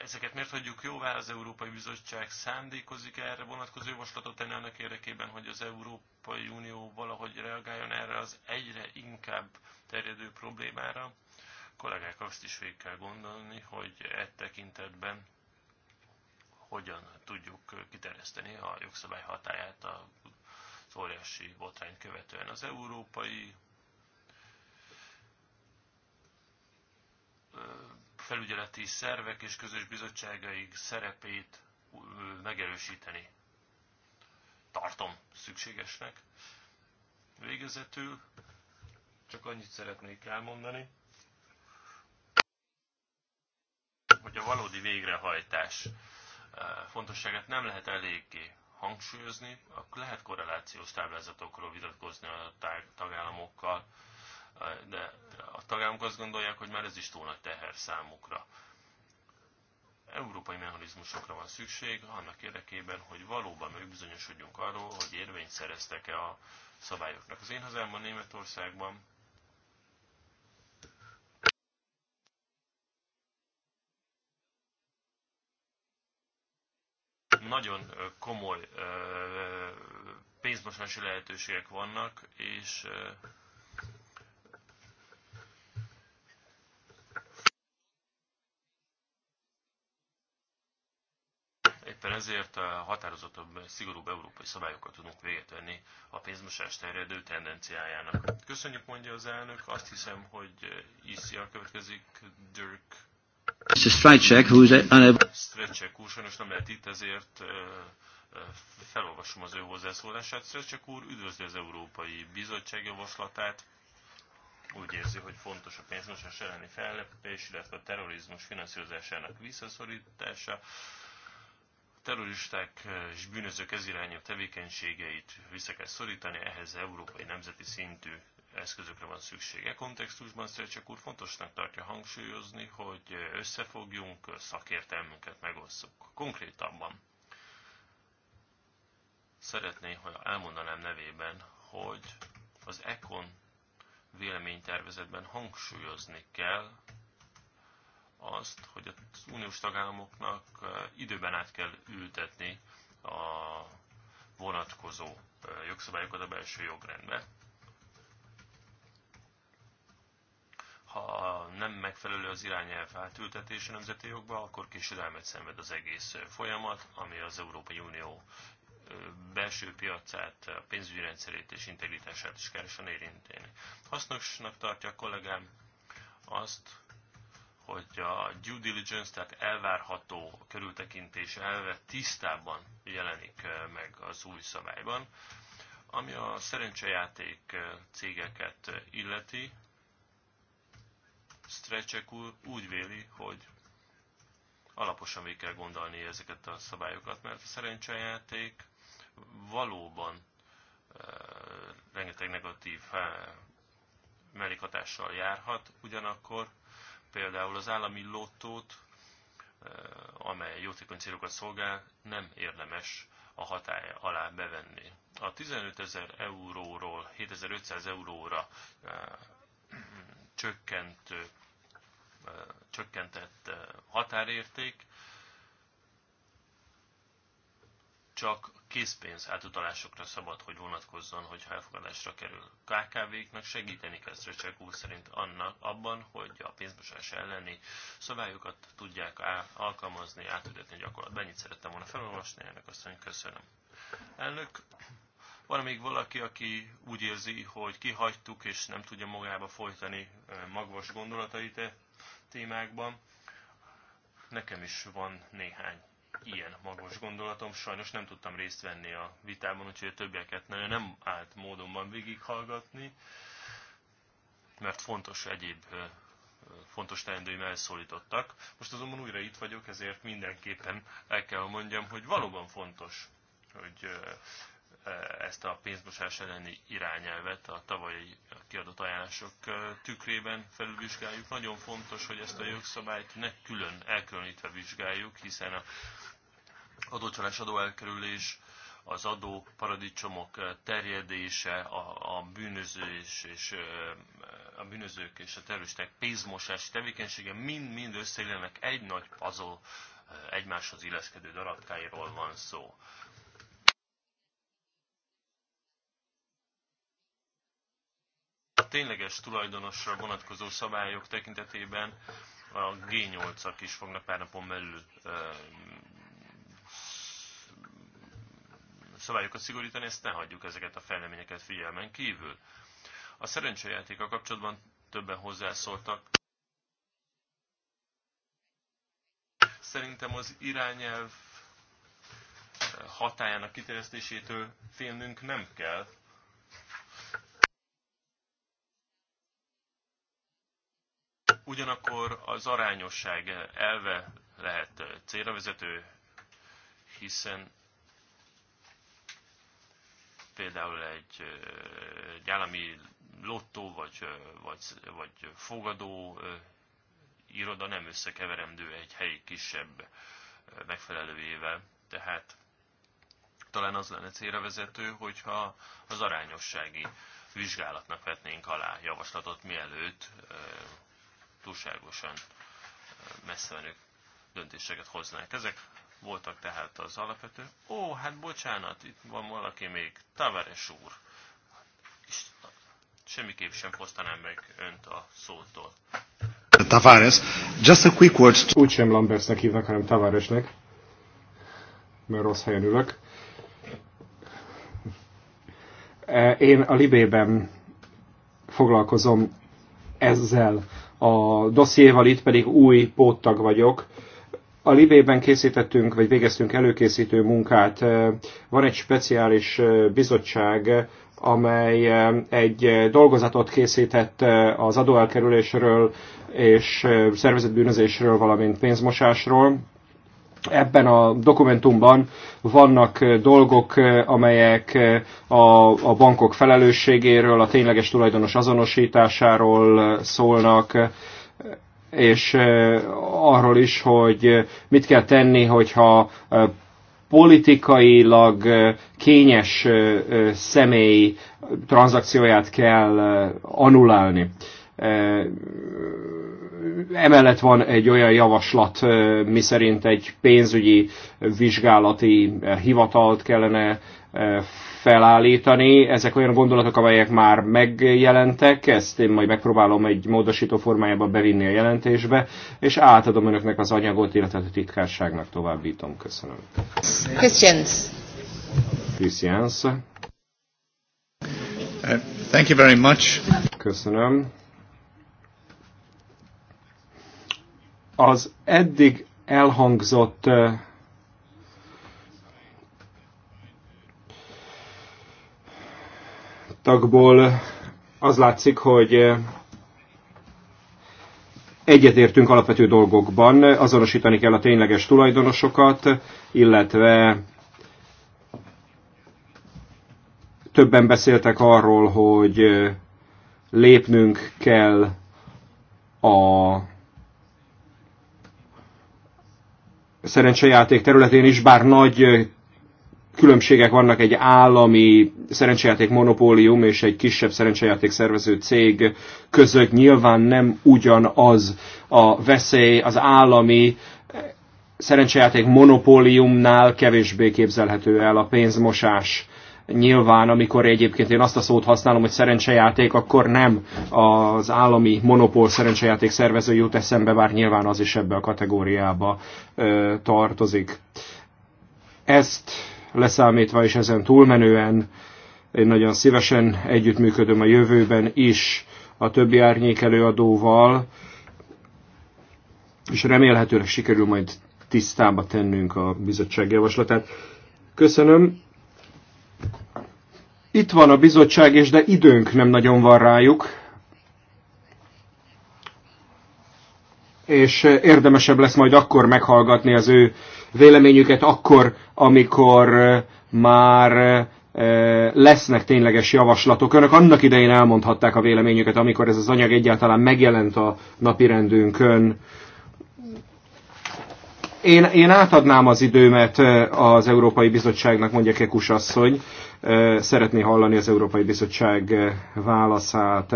ezeket miért hagyjuk jóvá? Az Európai Bizottság szándékozik erre vonatkozó javaslatot tenni annak érdekében, hogy az Európai Unió valahogy reagáljon erre az egyre inkább terjedő problémára. A kollégák azt is végig kell gondolni, hogy e tekintetben hogyan tudjuk kiterjeszteni a jogszabály hatáját a óriási botrány követően. Az európai felügyeleti szervek és közös bizottságaik szerepét megerősíteni tartom szükségesnek. Végezetül csak annyit szeretnék elmondani, hogy a valódi végrehajtás fontosságát nem lehet eléggé hangsúlyozni, akkor lehet korrelációs táblázatokról vitatkozni a tagállamokkal, de a tagállamok azt gondolják, hogy már ez is túl nagy teher számukra. Európai mechanizmusokra van szükség annak érdekében, hogy valóban megbizonyosodjunk arról, hogy érvényt szereztek-e a szabályoknak. Az én hazámban Németországban nagyon komoly pénzmosási lehetőségek vannak, és Éppen ezért a határozottabb, szigorúbb európai szabályokat tudunk véget venni a pénzmosás terjedő tendenciájának. Köszönjük, mondja az elnök. Azt hiszem, hogy ICR következik Dirk Mr. Strajcek, who is unable... Strajcek úr sajnos nem lehet itt, ezért felolvasom az ő hozzászólását. Strajcek úr üdvözli az Európai Bizottság javaslatát. Úgy érzi, hogy fontos a pénzmosás elleni fellépés, illetve a terrorizmus finanszírozásának visszaszorítása terroristák és bűnözők ez irányú tevékenységeit vissza kell szorítani, ehhez európai nemzeti szintű eszközökre van szüksége. Kontextusban Szercsek úr fontosnak tartja hangsúlyozni, hogy összefogjunk, szakértelmünket megosszuk. Konkrétabban szeretné, ha elmondanám nevében, hogy az ECON véleménytervezetben hangsúlyozni kell azt, hogy az uniós tagállamoknak eh, időben át kell ültetni a vonatkozó eh, jogszabályokat a belső jogrendbe. ha nem megfelelő az irányelv átültetése nemzeti jogba, akkor késedelmet szenved az egész folyamat, ami az Európai Unió belső piacát, pénzügyi rendszerét és integritását is keresen érinteni. Hasznosnak tartja a kollégám azt, hogy a due diligence, tehát elvárható körültekintés elve tisztában jelenik meg az új szabályban. Ami a szerencsejáték cégeket illeti, Strecek úr úgy véli, hogy alaposan végig kell gondolni ezeket a szabályokat, mert a szerencsejáték valóban e, rengeteg negatív e, mellékhatással járhat, ugyanakkor például az állami lottót, e, amely jótékony célokat szolgál, nem érdemes a hatály alá bevenni. A 15 ezer euróról 7500 euróra e, csökkent, csökkentett határérték, csak készpénz átutalásokra szabad, hogy vonatkozzon, hogyha elfogadásra kerül. KKV-knak segíteni kell Szöcsek úr szerint annak, abban, hogy a pénzmosás elleni szabályokat tudják alkalmazni, átültetni gyakorlatban. Ennyit szerettem volna felolvasni, ennek azt mondjuk köszönöm. Elnök, van még valaki, aki úgy érzi, hogy kihagytuk, és nem tudja magába folytani magvas gondolatait e témákban. Nekem is van néhány ilyen magas gondolatom. Sajnos nem tudtam részt venni a vitában, úgyhogy a többieket nagyon nem állt módonban végighallgatni, mert fontos egyéb fontos teendőim elszólítottak. Most azonban újra itt vagyok, ezért mindenképpen el kell mondjam, hogy valóban fontos, hogy E, ezt a pénzmosás elleni irányelvet a tavalyi kiadott ajánlások e, tükrében felülvizsgáljuk. Nagyon fontos, hogy ezt a jogszabályt ne külön elkülönítve vizsgáljuk, hiszen a adócsalás, adóelkerülés, az adó paradicsomok e, terjedése, a, a bűnözés és a bűnözők és a terroristák pénzmosási tevékenysége mind-mind összeillenek egy nagy puzzle egymáshoz illeszkedő darabkáiról van szó. tényleges tulajdonosra vonatkozó szabályok tekintetében a G8-ak is fognak pár napon belül szabályokat szigorítani, ezt ne hagyjuk ezeket a fejleményeket figyelmen kívül. A szerencsejátéka kapcsolatban többen hozzászóltak. Szerintem az irányelv hatájának kiterjesztésétől félnünk nem kell, Ugyanakkor az arányosság elve lehet célra vezető, hiszen például egy, egy állami lottó vagy, vagy, vagy fogadó iroda nem összekeverendő egy helyi kisebb megfelelőjével. Tehát talán az lenne célra vezető, hogyha az arányossági vizsgálatnak vetnénk alá javaslatot, mielőtt túlságosan messze menő döntéseket hoznák. Ezek voltak tehát az alapvető. Ó, hát bocsánat, itt van valaki még, Tavares úr. És semmiképp sem fosztanám meg önt a szótól. Tavares, just a quick word. To... Úgy sem Lambersnek hívnak, hanem Tavaresnek, mert rossz helyen ülök. Én a Libében foglalkozom ezzel a dossziéval, itt pedig új póttag vagyok. A Libében készítettünk, vagy végeztünk előkészítő munkát. Van egy speciális bizottság, amely egy dolgozatot készített az adóelkerülésről és szervezetbűnözésről, valamint pénzmosásról ebben a dokumentumban vannak dolgok, amelyek a, a bankok felelősségéről, a tényleges tulajdonos azonosításáról szólnak, és arról is, hogy mit kell tenni, hogyha politikailag kényes személy tranzakcióját kell anulálni emellett van egy olyan javaslat, miszerint egy pénzügyi vizsgálati hivatalt kellene felállítani. Ezek olyan gondolatok, amelyek már megjelentek, ezt én majd megpróbálom egy módosító formájába bevinni a jelentésbe, és átadom önöknek az anyagot, illetve a titkárságnak továbbítom. Köszönöm. Christians. Christians. Uh, thank you very much. Köszönöm. az eddig elhangzott tagból az látszik, hogy egyetértünk alapvető dolgokban, azonosítani kell a tényleges tulajdonosokat, illetve többen beszéltek arról, hogy lépnünk kell a szerencsejáték területén is, bár nagy különbségek vannak egy állami szerencsejáték monopólium és egy kisebb szerencsejáték szervező cég között. Nyilván nem ugyanaz a veszély az állami szerencsejáték monopóliumnál kevésbé képzelhető el a pénzmosás. Nyilván, amikor egyébként én azt a szót használom, hogy szerencsejáték, akkor nem az állami monopól szerencsejáték szervező jut eszembe, bár nyilván az is ebbe a kategóriába ö, tartozik. Ezt leszámítva és ezen túlmenően én nagyon szívesen együttműködöm a jövőben is a többi árnyék előadóval, és remélhetőleg sikerül majd tisztába tennünk a bizottság javaslatát. Köszönöm. Itt van a bizottság, és de időnk nem nagyon van rájuk. És eh, érdemesebb lesz majd akkor meghallgatni az ő véleményüket, akkor, amikor eh, már eh, lesznek tényleges javaslatok. Önök annak idején elmondhatták a véleményüket, amikor ez az anyag egyáltalán megjelent a napirendünkön. Én, én átadnám az időmet az Európai Bizottságnak, mondja Kekus asszony, szeretné hallani az Európai Bizottság válaszát.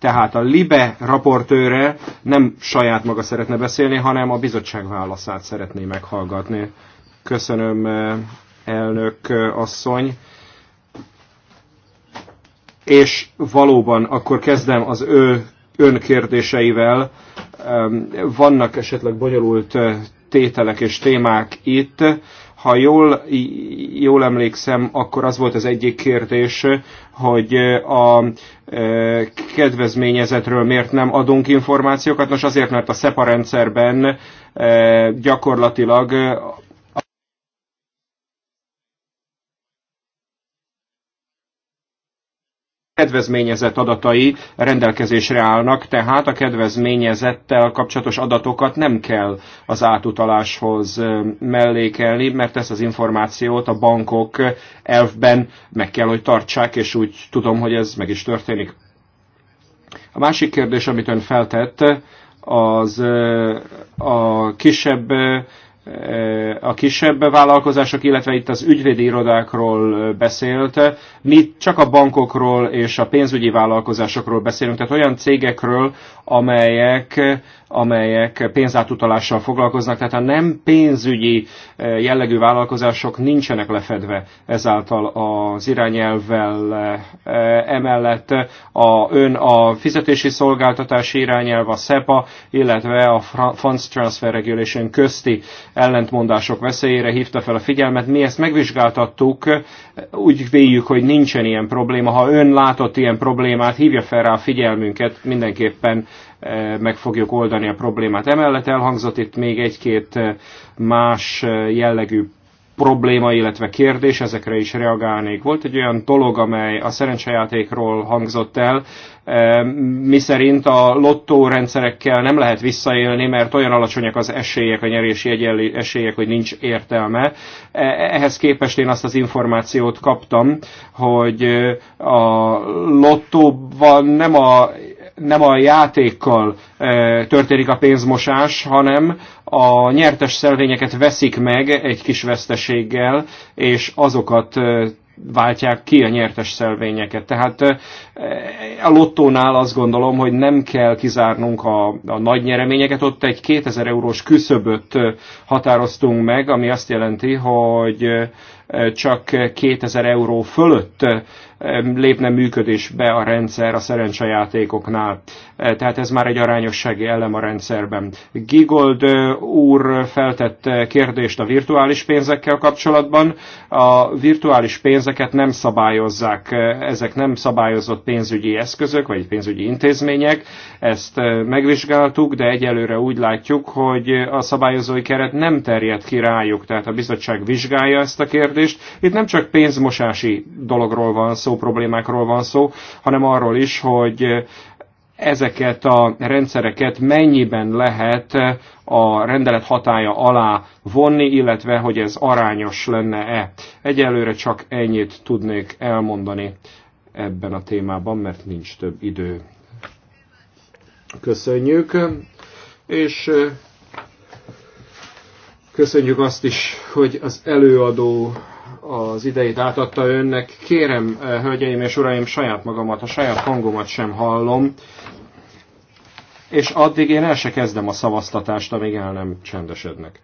Tehát a LIBE raportőre nem saját maga szeretne beszélni, hanem a bizottság válaszát szeretné meghallgatni. Köszönöm, elnök asszony. És valóban akkor kezdem az ő ön kérdéseivel. Vannak esetleg bonyolult tételek és témák itt, ha jól, jól emlékszem, akkor az volt az egyik kérdés, hogy a e, kedvezményezetről miért nem adunk információkat. Nos, azért, mert a SEPA rendszerben e, gyakorlatilag kedvezményezett adatai rendelkezésre állnak, tehát a kedvezményezettel kapcsolatos adatokat nem kell az átutaláshoz mellékelni, mert ezt az információt a bankok elfben meg kell, hogy tartsák, és úgy tudom, hogy ez meg is történik. A másik kérdés, amit ön feltett, az a kisebb a kisebb vállalkozások, illetve itt az ügyvédi irodákról beszélt. Mi csak a bankokról és a pénzügyi vállalkozásokról beszélünk, tehát olyan cégekről, amelyek amelyek pénzátutalással foglalkoznak, tehát a nem pénzügyi eh, jellegű vállalkozások nincsenek lefedve ezáltal az irányelvvel. Eh, emellett a, ön a fizetési szolgáltatási irányelv, a SEPA, illetve a Funds Transfer Regulation közti ellentmondások veszélyére hívta fel a figyelmet. Mi ezt megvizsgáltattuk, úgy véljük, hogy nincsen ilyen probléma. Ha ön látott ilyen problémát, hívja fel rá a figyelmünket, mindenképpen meg fogjuk oldani a problémát. Emellett elhangzott itt még egy-két más jellegű probléma, illetve kérdés, ezekre is reagálnék. Volt egy olyan dolog, amely a szerencsejátékról hangzott el, mi szerint a lottó rendszerekkel nem lehet visszaélni, mert olyan alacsonyak az esélyek, a nyerési esélyek, hogy nincs értelme. E, ehhez képest én azt az információt kaptam, hogy a lottóban nem a nem a játékkal e, történik a pénzmosás, hanem a nyertes szelvényeket veszik meg egy kis veszteséggel, és azokat e, váltják ki a nyertes szelvényeket. Tehát e, a lottónál azt gondolom, hogy nem kell kizárnunk a, a nagy nyereményeket, ott egy 2000 eurós küszöböt határoztunk meg, ami azt jelenti, hogy csak 2000 euró fölött lépne működésbe a rendszer a szerencsejátékoknál. Eh, tehát ez már egy arányossági elem a rendszerben. Gigold eh, úr feltett eh, kérdést a virtuális pénzekkel kapcsolatban. A virtuális pénzeket nem szabályozzák. Ezek nem szabályozott pénzügyi eszközök, vagy pénzügyi intézmények. Ezt megvizsgáltuk, de egyelőre úgy látjuk, hogy a szabályozói keret nem terjed ki rájuk. Tehát a bizottság vizsgálja ezt a kérdést. Itt nem csak pénzmosási dologról van szó, problémákról van szó, hanem arról is, hogy ezeket a rendszereket mennyiben lehet a rendelet hatája alá vonni, illetve hogy ez arányos lenne-e. Egyelőre csak ennyit tudnék elmondani ebben a témában, mert nincs több idő. Köszönjük, és köszönjük azt is, hogy az előadó az idejét átadta önnek. Kérem, hölgyeim és uraim, saját magamat, a saját hangomat sem hallom és addig én el se kezdem a szavaztatást, amíg el nem csendesednek.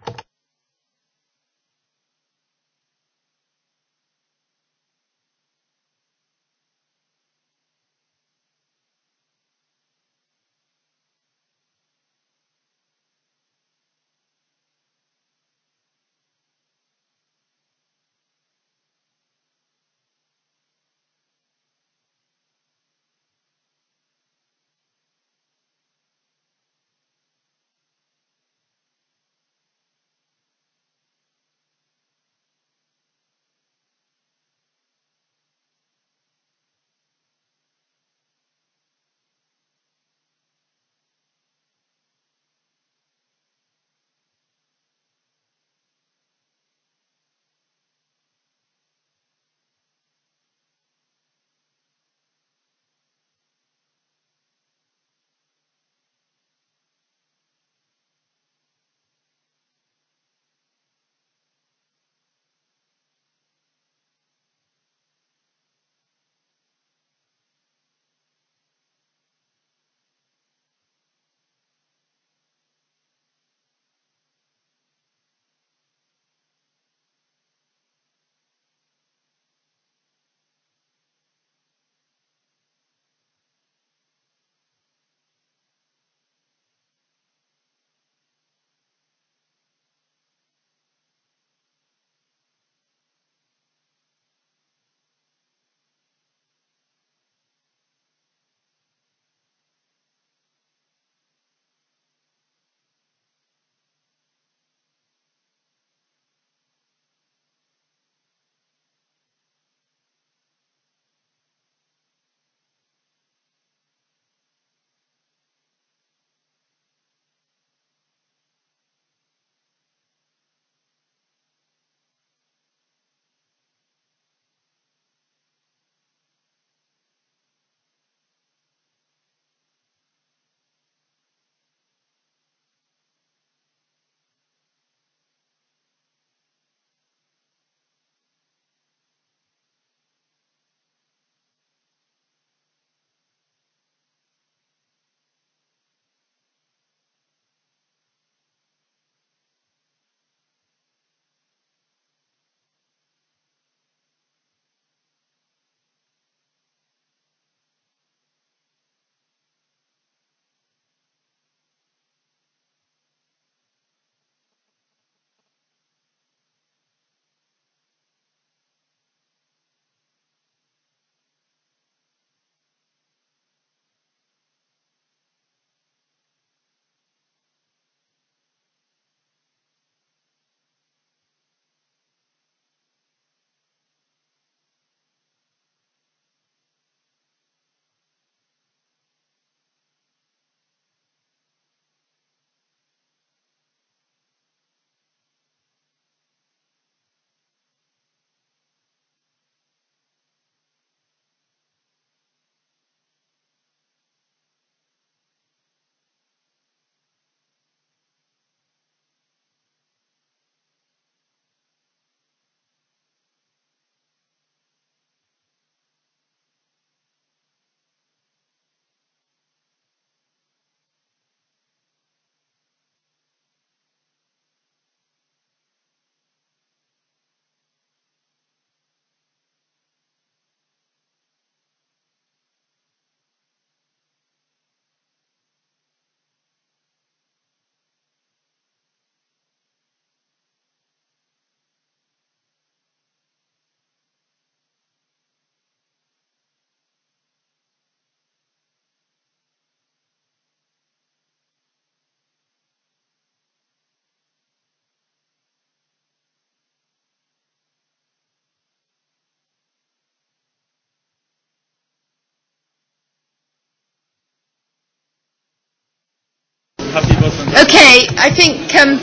Okay, I think um,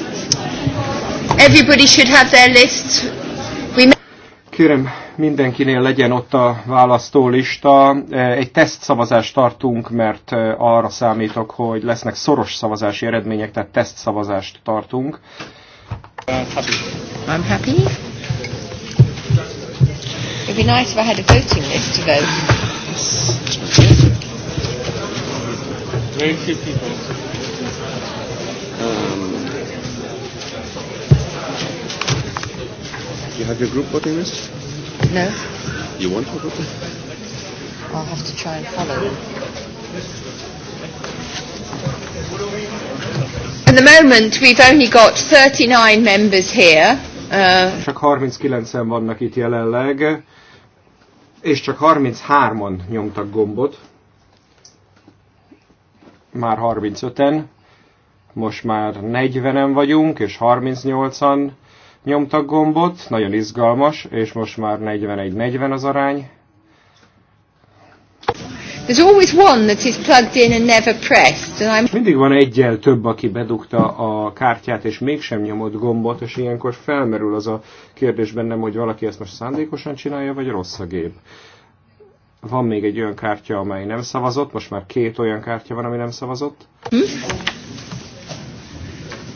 everybody should have their list. We Kérem, mindenkinél legyen ott a választólista. E, egy tesztszavazást tartunk, mert e, arra számítok, hogy lesznek szoros szavazási eredmények, tehát tesztszavazást tartunk. I'm happy. It'd be nice if I had a voting list to vote. Very few people. Um, you have your group voting list? No. You want to group? I'll have to try and follow them. At the moment, we've only got 39 members here. Uh, csak 39-en vannak itt jelenleg, és csak 33-an nyomtak gombot. Már 35-en most már 40-en vagyunk, és 38-an nyomtak gombot, nagyon izgalmas, és most már 41-40 az arány. There's always one that is plugged in and never pressed. And I'm... Mindig van egyel több, aki bedugta a kártyát, és mégsem nyomott gombot, és ilyenkor felmerül az a kérdés bennem, hogy valaki ezt most szándékosan csinálja, vagy rossz a gép. Van még egy olyan kártya, amely nem szavazott, most már két olyan kártya van, ami nem szavazott. Hmm?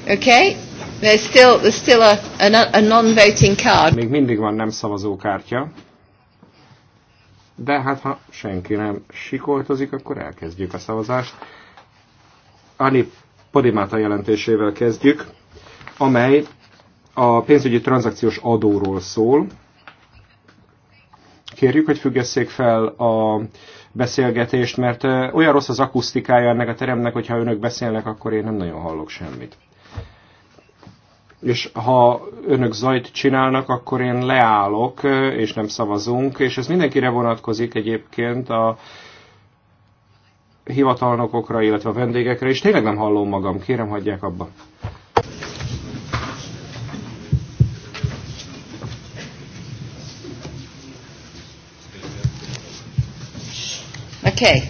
Okay? There's still, there's still a, a, a non-voting card. Még mindig van nem szavazókártya. De hát ha senki nem sikoltozik, akkor elkezdjük a szavazást. Ani Podimata jelentésével kezdjük, amely a pénzügyi tranzakciós adóról szól. Kérjük, hogy függesszék fel a beszélgetést, mert olyan rossz az akusztikája ennek a teremnek, hogyha önök beszélnek, akkor én nem nagyon hallok semmit és ha önök zajt csinálnak, akkor én leállok, és nem szavazunk, és ez mindenkire vonatkozik egyébként a hivatalnokokra, illetve a vendégekre, és tényleg nem hallom magam, kérem hagyják abba. Okay.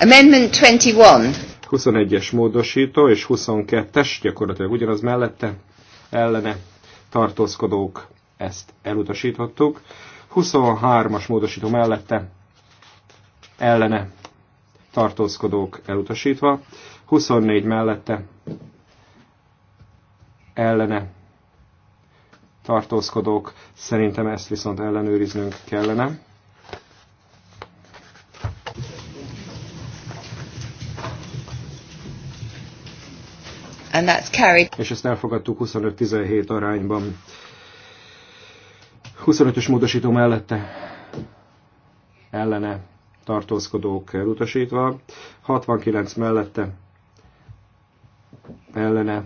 Amendment 21. 21-es módosító és 22-es, gyakorlatilag ugyanaz mellette ellene tartózkodók, ezt elutasítottuk. 23-as módosító mellette ellene tartózkodók elutasítva, 24 mellette ellene tartózkodók, szerintem ezt viszont ellenőriznünk kellene. And that's carried. És ezt elfogadtuk 25-17 arányban. 25-ös módosító mellette ellene tartózkodók elutasítva, 69 mellette ellene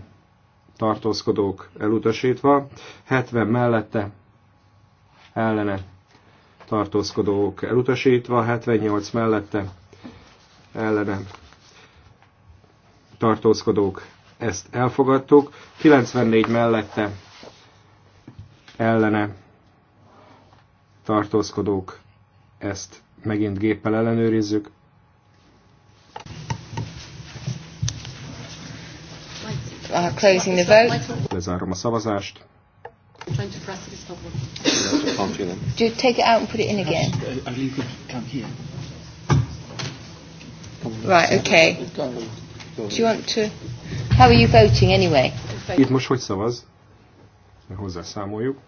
tartózkodók elutasítva, 70 mellette ellene tartózkodók elutasítva, 78 mellette ellene tartózkodók ezt elfogadtuk. 94 mellette ellene tartózkodók, ezt megint géppel ellenőrizzük. Uh, Lezárom a szavazást. Do you take it out and put it in again? Right, okay. Do you want to... How are you voting anyway? Itt most hogy szavaz? Hozzá számoljuk.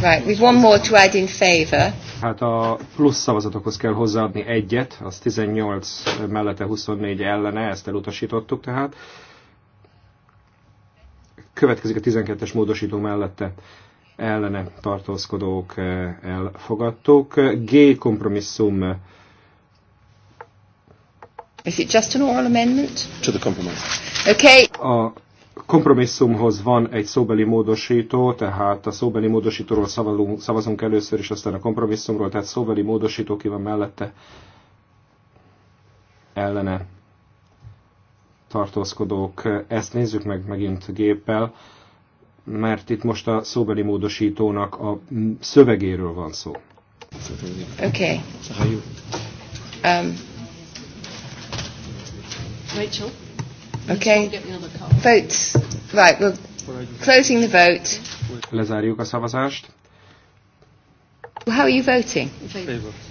Right, we've one more to add in favor. Hát a plusz szavazatokhoz kell hozzáadni egyet, az 18 mellette 24 ellene, ezt elutasítottuk tehát. Következik a 12-es módosító mellette ellene tartózkodók eh, elfogadtuk. G kompromisszum is it just an oral amendment? To the compromise. Okay. A kompromisszumhoz van egy szóbeli módosító, tehát a szóbeli módosítóról szavazunk, szavazunk először, és aztán a kompromisszumról, tehát szóbeli módosító ki van mellette, ellene tartózkodók. Ezt nézzük meg megint géppel, mert itt most a szóbeli módosítónak a szövegéről van szó. Okay. Um, Rachel? Okay. Votes. Right, we're closing the vote. Lezárjuk a szavazást. How are you voting?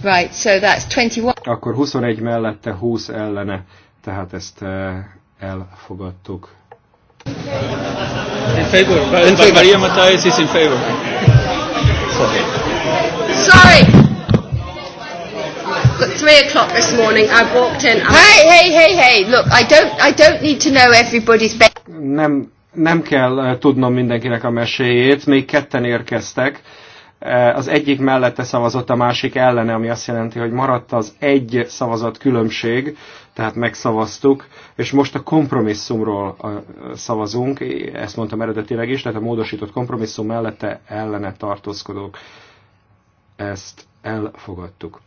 Right, so that's 21. Akkor 21 mellette, 20 ellene, tehát ezt eh, elfogadtuk. In favor. In favor. Maria Matthias is in favor. Sorry. Sorry at three o'clock this morning. I walked in. And hey, hey, hey, hey! Look, I don't, I don't need to know everybody's. Nem, nem kell eh, tudnom mindenkinek a meséjét. Még ketten érkeztek. Eh, az egyik mellette szavazott, a másik ellene, ami azt jelenti, hogy maradt az egy szavazat különbség, tehát megszavaztuk, és most a kompromisszumról eh, szavazunk, ezt mondtam eredetileg is, tehát a módosított kompromisszum mellette ellene tartózkodók. Ezt elfogadtuk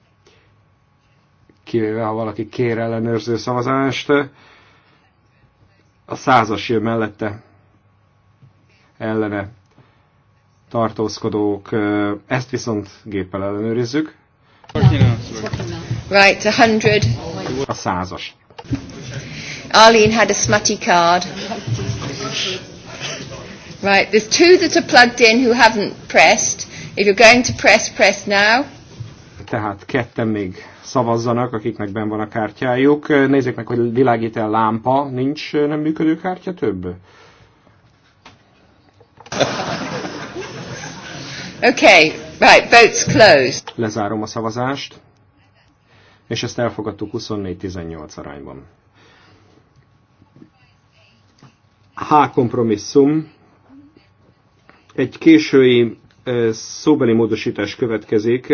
kivéve ha valaki kér ellenőrző szavazást. A százas jön mellette ellene tartózkodók. Ezt viszont géppel ellenőrizzük. Right, a hundred. A százas. Arlene had a smutty card. Right, there's two that are plugged in who haven't pressed. If you're going to press, press now tehát ketten még szavazzanak, akiknek ben van a kártyájuk. Nézzék meg, hogy világít el lámpa, nincs nem működő kártya több? Okay, right, vote's closed. Lezárom a szavazást, és ezt elfogadtuk 24-18 arányban. H kompromisszum. Egy késői szóbeli módosítás következik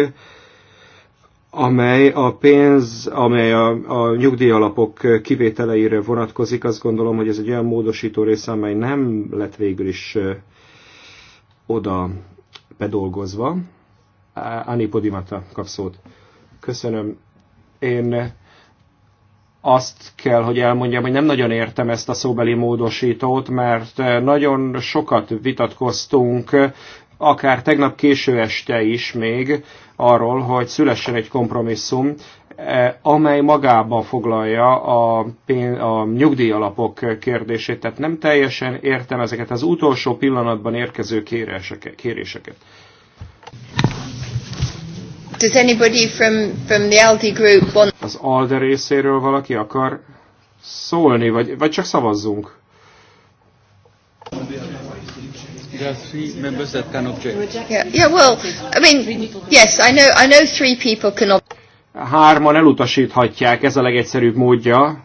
amely a pénz, amely a, a nyugdíjalapok kivételeire vonatkozik, azt gondolom, hogy ez egy olyan módosító része, amely nem lett végül is oda bedolgozva. Ani Podimata kap szót. Köszönöm. Én azt kell, hogy elmondjam, hogy nem nagyon értem ezt a szóbeli módosítót, mert nagyon sokat vitatkoztunk akár tegnap késő este is még arról, hogy szülessen egy kompromisszum, eh, amely magába foglalja a, pénz, a nyugdíjalapok kérdését. Tehát nem teljesen értem ezeket az utolsó pillanatban érkező kéréseket. Does anybody from, from the ALDE group want... Az ALDE részéről valaki akar szólni, vagy, vagy csak szavazzunk? There are three members that can object. Yeah, yeah well, I mean, yes, I know, I know three people can object. Hárman elutasíthatják, ez a legegyszerűbb módja,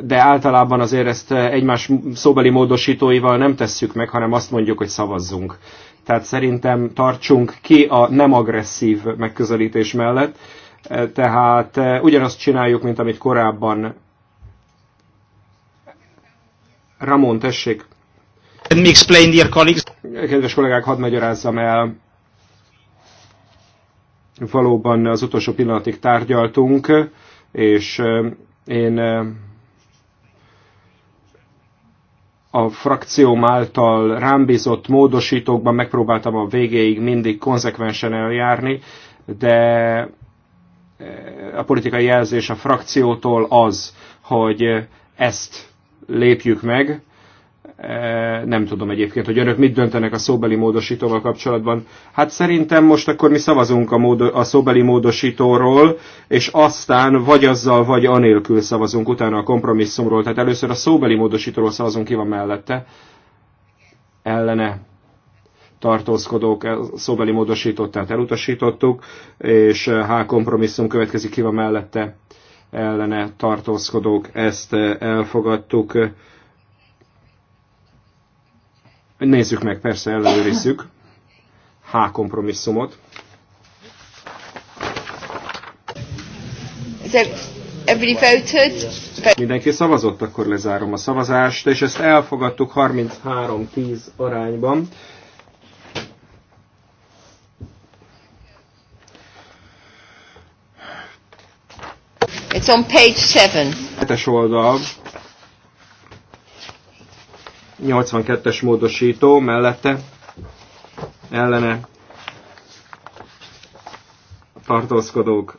de általában azért ezt eh, egymás szóbeli módosítóival nem tesszük meg, hanem azt mondjuk, hogy szavazzunk. Tehát szerintem tartsunk ki a nem agresszív megközelítés mellett, eh, tehát eh, ugyanazt csináljuk, mint amit korábban Ramon, tessék. Let me explain, dear colleagues. Kedves kollégák, hadd magyarázzam el, valóban az utolsó pillanatig tárgyaltunk, és én a frakcióm által rám bízott módosítókban megpróbáltam a végéig mindig konzekvensen eljárni, de a politikai jelzés a frakciótól az, hogy ezt lépjük meg, Eh, nem tudom egyébként, hogy önök mit döntenek a szóbeli módosítóval kapcsolatban. Hát szerintem most akkor mi szavazunk a, módo, a szóbeli módosítóról, és aztán vagy azzal, vagy anélkül szavazunk utána a kompromisszumról. Tehát először a szóbeli módosítóról szavazunk, ki van mellette. Ellene tartózkodók szóbeli módosítót, tehát elutasítottuk, és eh, H kompromisszum következik, ki van mellette ellene tartózkodók, ezt eh, elfogadtuk. Nézzük meg, persze ellenőrizzük. H kompromisszumot. Mindenki szavazott, akkor lezárom a szavazást, és ezt elfogadtuk 33-10 arányban. It's on page 7. Hetes oldal, 82-es módosító mellette ellene tartózkodók.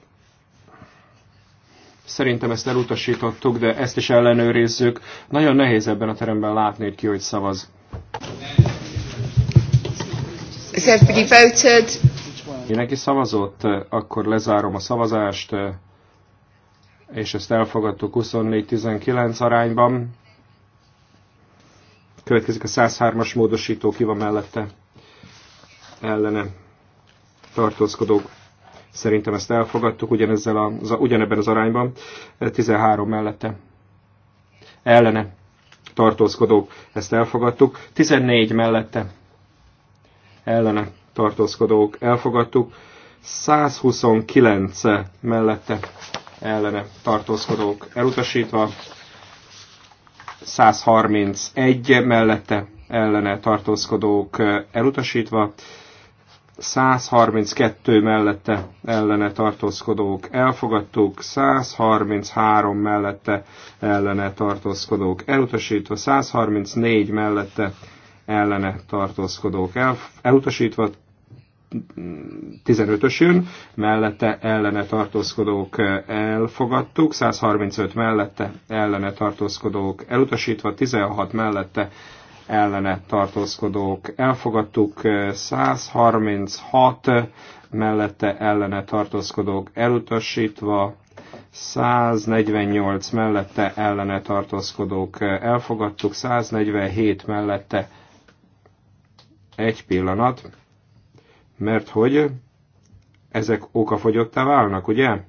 Szerintem ezt elutasítottuk, de ezt is ellenőrizzük. Nagyon nehéz ebben a teremben látni, hogy ki hogy szavaz. Has everybody voted? Mindenki szavazott, akkor lezárom a szavazást, és ezt elfogadtuk 24-19 arányban. Következik a 103-as módosító, ki van mellette ellene tartózkodók. Szerintem ezt elfogadtuk ugyanezzel a, ugyanebben az arányban. 13 eh, mellette ellene tartózkodók, ezt elfogadtuk. 14 mellette ellene tartózkodók, elfogadtuk. 129 mellette ellene tartózkodók elutasítva, 131 mellette ellene tartózkodók elutasítva, 132 mellette ellene tartózkodók elfogadtuk, 133 mellette ellene tartózkodók elutasítva, 134 mellette ellene tartózkodók elf elutasítva, 15-ös jön, mellette ellene tartózkodók elfogadtuk, 135 mellette ellene tartózkodók elutasítva, 16 mellette ellene tartózkodók elfogadtuk, 136 mellette ellene tartózkodók elutasítva, 148 mellette ellene tartózkodók elfogadtuk, 147 mellette egy pillanat, mert hogy ezek okafogyottá válnak, ugye?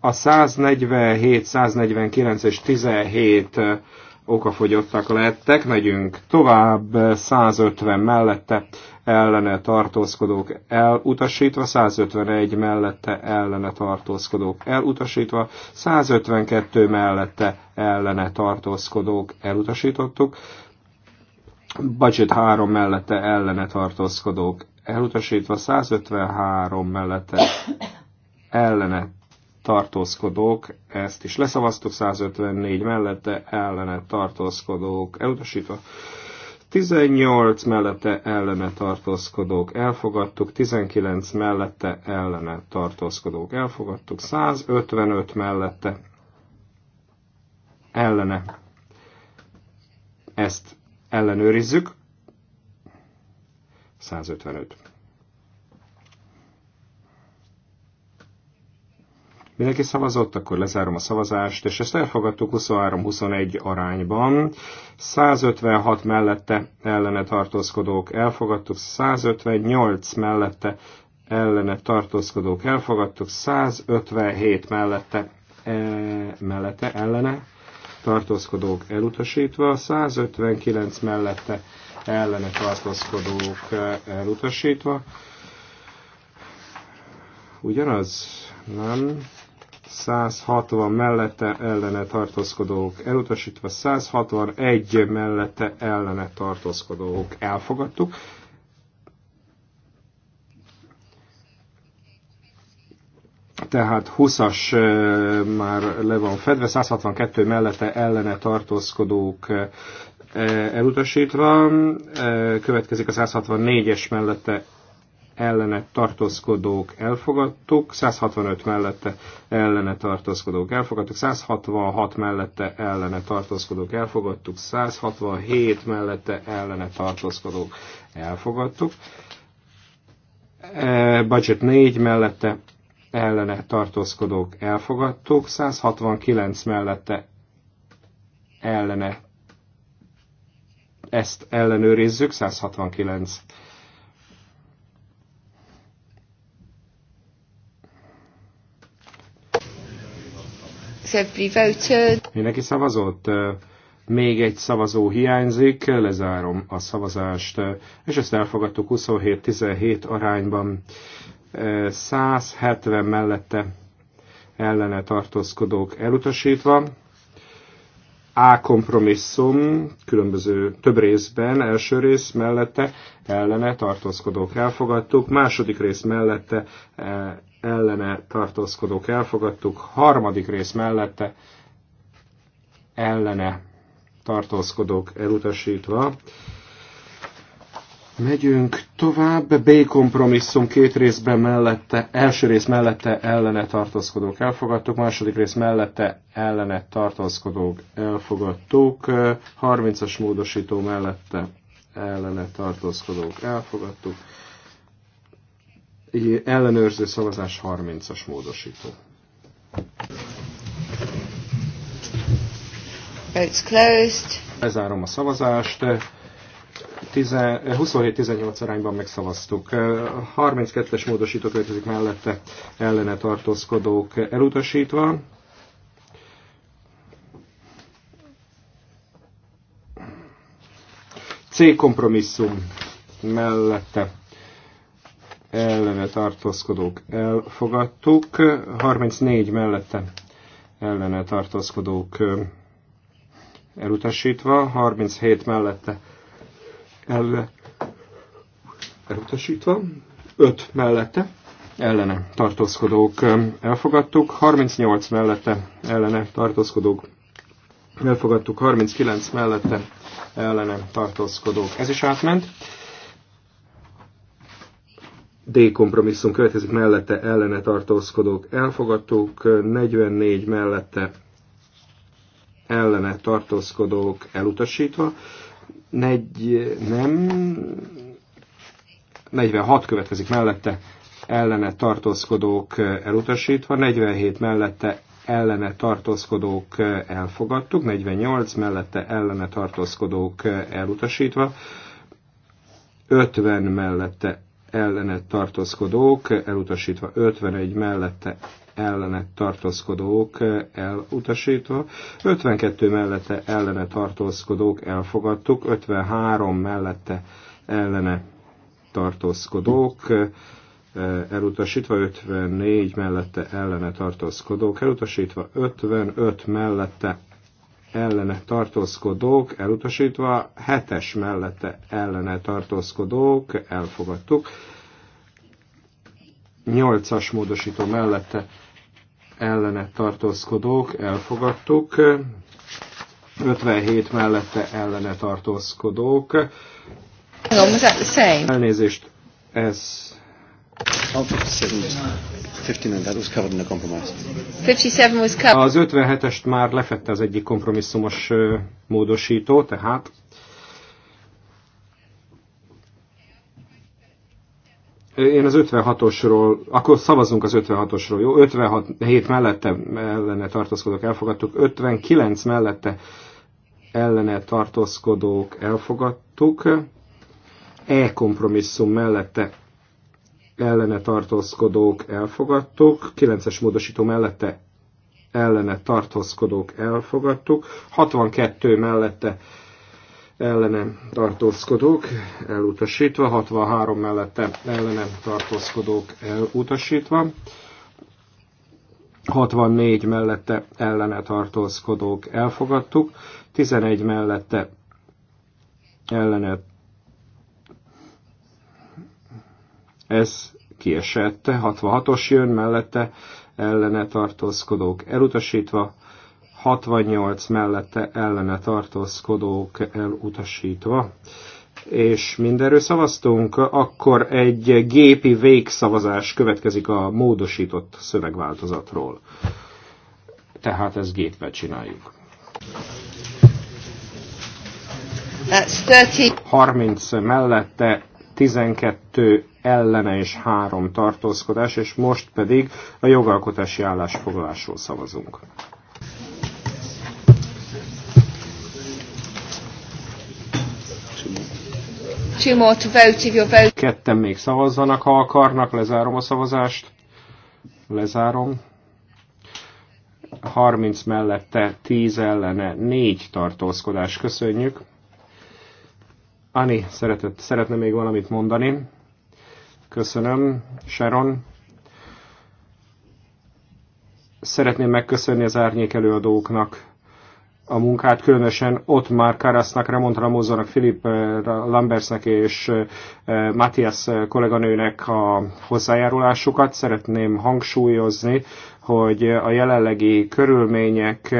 A 147, 149 és 17 okafogyottak lettek, megyünk tovább, 150 mellette ellene tartózkodók elutasítva, 151 mellette ellene tartózkodók elutasítva, 152 mellette ellene tartózkodók elutasítottuk, budget 3 mellette ellene tartózkodók elutasítva, 153 mellette ellene tartózkodók, ezt is leszavaztuk, 154 mellette ellene tartózkodók elutasítva, 18 mellette ellene tartózkodók elfogadtuk, 19 mellette ellene tartózkodók elfogadtuk, 155 mellette ellene. Ezt ellenőrizzük. 155. Mindenki szavazott, akkor lezárom a szavazást, és ezt elfogadtuk 23-21 arányban. 156 mellette ellene tartózkodók elfogadtuk, 158 mellette ellene tartózkodók elfogadtuk, 157 mellette, e, mellette ellene tartózkodók elutasítva, 159 eh, mellette ellene tartózkodók elutasítva. Ugyanaz? Nem. 160 mellette ellene tartózkodók elutasítva, 161 mellette ellene tartózkodók elfogadtuk, tehát 20-as már le van fedve, 162 mellette ellene tartózkodók elutasítva, következik a 164-es mellette ellene tartózkodók elfogadtuk, 165 mellette ellene tartózkodók elfogadtuk, 166 mellette ellene tartózkodók elfogadtuk, 167 mellette ellene tartózkodók elfogadtuk, budget 4 mellette ellene tartózkodók elfogadtuk, 169 mellette ellene ezt ellenőrizzük, 169 Mindenki szavazott? Még egy szavazó hiányzik, lezárom a szavazást, és ezt elfogadtuk 27-17 arányban. 170 mellette ellene tartózkodók elutasítva. A kompromisszum különböző több részben, első rész mellette ellene tartózkodók elfogadtuk, második rész mellette e, ellene tartózkodók elfogadtuk, harmadik rész mellette ellene tartózkodók elutasítva, Megyünk tovább. B kompromisszum két részben mellette, első rész mellette ellene tartózkodók elfogadtuk, második rész mellette ellene tartózkodók elfogadtuk, 30-as módosító mellette ellene tartózkodók elfogadtuk, ellenőrző szavazás 30-as módosító. It's closed. Lezárom a szavazást. 27-18 eh, arányban megszavaztuk. 32-es eh, módosító következik mellette ellene tartózkodók elutasítva. C kompromisszum mellette ellene tartózkodók elfogadtuk, 34 mellette ellene tartózkodók eh, elutasítva, 37 mellette elve elutasítva, 5 mellette ellene tartózkodók elfogadtuk, 38 mellette ellene tartózkodók elfogadtuk, 39 mellette ellene tartózkodók. Ez is átment. D kompromisszum következik mellette ellene tartózkodók elfogadtuk, 44 mellette ellene tartózkodók elutasítva, Negy, nem, 46 következik mellette, ellene tartózkodók elutasítva, 47 mellette ellene tartózkodók elfogadtuk, 48 mellette ellene tartózkodók elutasítva, 50 mellette ellene tartózkodók elutasítva, 51 mellette ellene tartózkodók elutasítva, 52 mellette ellene tartózkodók elfogadtuk, 53 mellette ellene tartózkodók elutasítva, 54 mellette ellene tartózkodók elutasítva, 55 mellette ellene tartózkodók elutasítva, hetes mellette ellene tartózkodók elfogadtuk, nyolcas módosító mellette ellene tartózkodók elfogadtuk, 57 mellette ellene tartózkodók. Elnézést, ez... Az 57-est már lefette az egyik kompromisszumos módosító, tehát Én az 56-osról, akkor szavazunk az 56-osról, jó? 57 mellette ellene tartózkodók elfogadtuk, 59 mellette ellene tartózkodók elfogadtuk, e kompromisszum mellette ellene tartózkodók elfogadtuk, 9-es módosító mellette ellene tartózkodók elfogadtuk, 62 mellette ellene tartózkodók elutasítva, 63 mellette ellene tartózkodók elutasítva, 64 mellette ellene tartózkodók elfogadtuk, 11 mellette ellene ez kiesett, 66-os jön mellette, ellene tartózkodók elutasítva, 68 mellette ellene tartózkodók elutasítva, és mindenről szavaztunk, akkor egy gépi végszavazás következik a módosított szövegváltozatról. Tehát ezt gépbe csináljuk. 30 mellette 12 ellene és 3 tartózkodás, és most pedig a jogalkotási állásfoglalásról szavazunk. Ketten még szavazzanak, ha akarnak, lezárom a szavazást. Lezárom. 30 mellette, 10 ellene, 4 tartózkodás. Köszönjük. Ani szeretett, szeretne még valamit mondani. Köszönöm, Sharon. Szeretném megköszönni az árnyék előadóknak a munkát, különösen ott már Karasznak, Ramon Ramózónak, Filip eh, Lambersnek és eh, Matthias eh, kolléganőnek a hozzájárulásukat. Szeretném hangsúlyozni, hogy a jelenlegi körülmények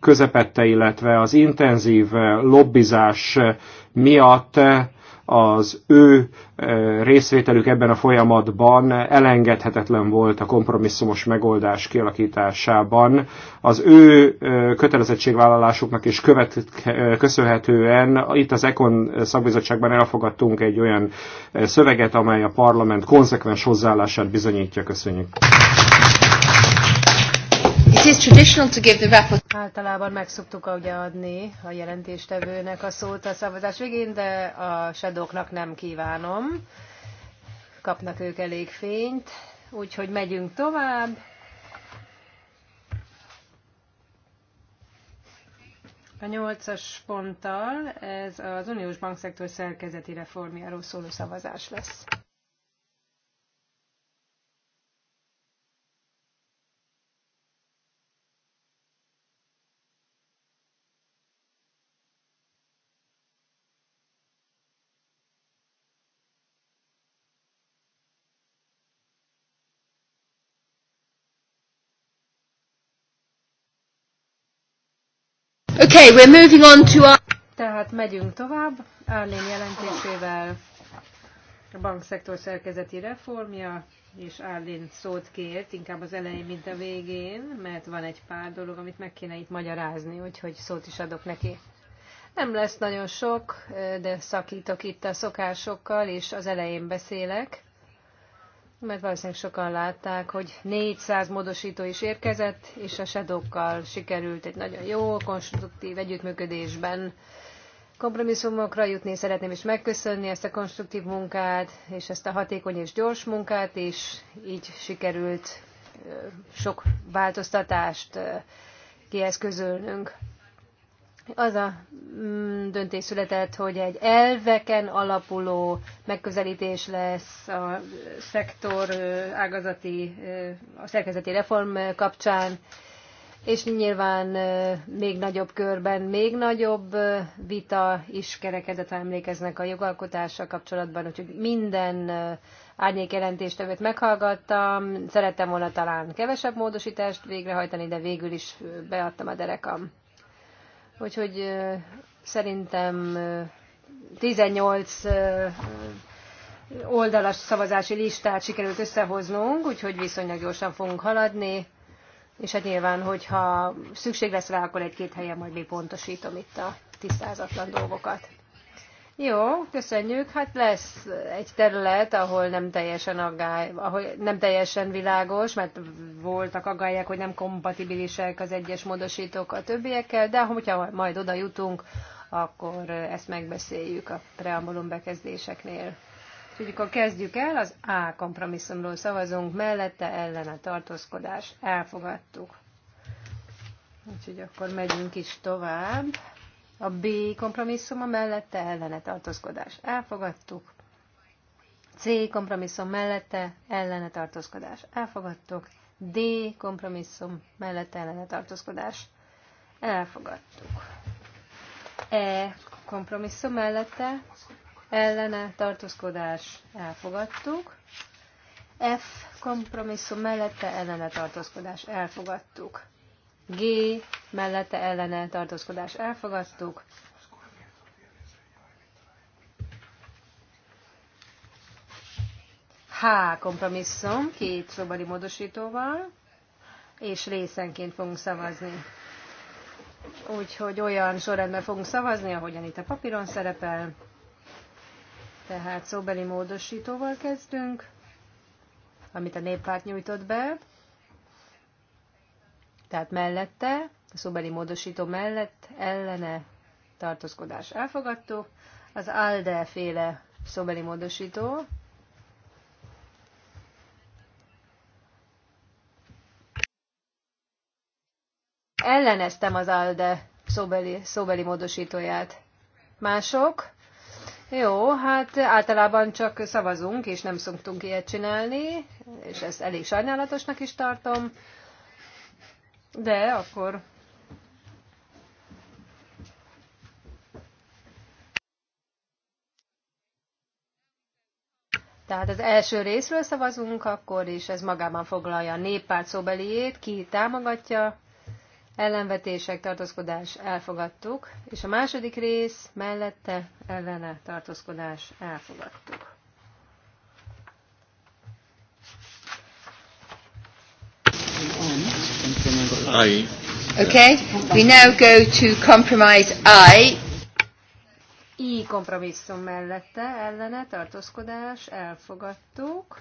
közepette, illetve az intenzív lobbizás miatt az ő e, részvételük ebben a folyamatban elengedhetetlen volt a kompromisszumos megoldás kialakításában. Az ő e, kötelezettségvállalásuknak is követ, e, köszönhetően itt az Ekon szakbizottságban elfogadtunk egy olyan szöveget, amely a parlament konzekvens hozzáállását bizonyítja. Köszönjük! It is traditional to give the rapport. Általában megszoktuk ugye adni a jelentéstevőnek a szót a szavazás végén, de a shadowknak nem kívánom. Kapnak ők elég fényt, úgyhogy megyünk tovább. A nyolcas ponttal ez az uniós bankszektor szerkezeti reformjáról szóló szavazás lesz. Okay, we're moving on to our... Tehát megyünk tovább. Árlén jelentésével a bankszektor szerkezeti reformja, és Árlén szót kért, inkább az elején, mint a végén, mert van egy pár dolog, amit meg kéne itt magyarázni, úgyhogy szót is adok neki. Nem lesz nagyon sok, de szakítok itt a szokásokkal, és az elején beszélek mert valószínűleg sokan látták, hogy 400 módosító is érkezett, és a sedokkal sikerült egy nagyon jó, konstruktív együttműködésben kompromisszumokra jutni. Szeretném is megköszönni ezt a konstruktív munkát, és ezt a hatékony és gyors munkát, és így sikerült sok változtatást kieszközölnünk az a mm, döntés született, hogy egy elveken alapuló megközelítés lesz a szektor ágazati, a szerkezeti reform kapcsán, és nyilván még nagyobb körben, még nagyobb vita is kerekedett, ha emlékeznek a jogalkotással kapcsolatban, úgyhogy minden árnyék jelentéstevőt meghallgattam, szerettem volna talán kevesebb módosítást végrehajtani, de végül is beadtam a derekam. Úgyhogy szerintem 18 oldalas szavazási listát sikerült összehoznunk, úgyhogy viszonylag gyorsan fogunk haladni, és hát nyilván, hogyha szükség lesz rá, akkor egy-két helyen majd még pontosítom itt a tisztázatlan dolgokat. Jó, köszönjük. Hát lesz egy terület, ahol nem teljesen aggály, ahol nem teljesen világos, mert voltak aggályok, hogy nem kompatibilisek az egyes módosítók a többiekkel, de hogyha majd oda jutunk, akkor ezt megbeszéljük a preambulum bekezdéseknél. Úgyhogy akkor kezdjük el, az A kompromisszumról szavazunk, mellette ellene tartózkodás. Elfogadtuk. Úgyhogy akkor megyünk is tovább. A B kompromisszuma mellette ellene tartózkodás. Elfogadtuk. C kompromisszum mellette ellene tartózkodás. Elfogadtuk. D kompromisszum mellette ellene tartózkodás. Elfogadtuk. E kompromisszum mellette ellene tartózkodás. Elfogadtuk. F kompromisszum mellette ellene tartózkodás. Elfogadtuk. G mellette ellene tartózkodás elfogadtuk. H kompromisszum két szobali módosítóval, és részenként fogunk szavazni. Úgyhogy olyan sorrendben fogunk szavazni, ahogyan itt a papíron szerepel. Tehát szóbeli módosítóval kezdünk, amit a néppárt nyújtott be. Tehát mellette, a szóbeli módosító mellett ellene tartózkodás elfogadtuk. Az ALDE féle szóbeli módosító, elleneztem az ALDE szóbeli, szóbeli módosítóját. Mások? Jó, hát általában csak szavazunk, és nem szoktunk ilyet csinálni, és ezt elég sajnálatosnak is tartom. De akkor Tehát az első részről szavazunk, akkor is ez magában foglalja a néppárt szóbeliét, ki támogatja, ellenvetések, tartózkodás, elfogadtuk, és a második rész mellette ellene tartózkodás, elfogadtuk. I. Okay, we now go to compromise I. I kompromisszum mellette ellene tartózkodás elfogadtuk.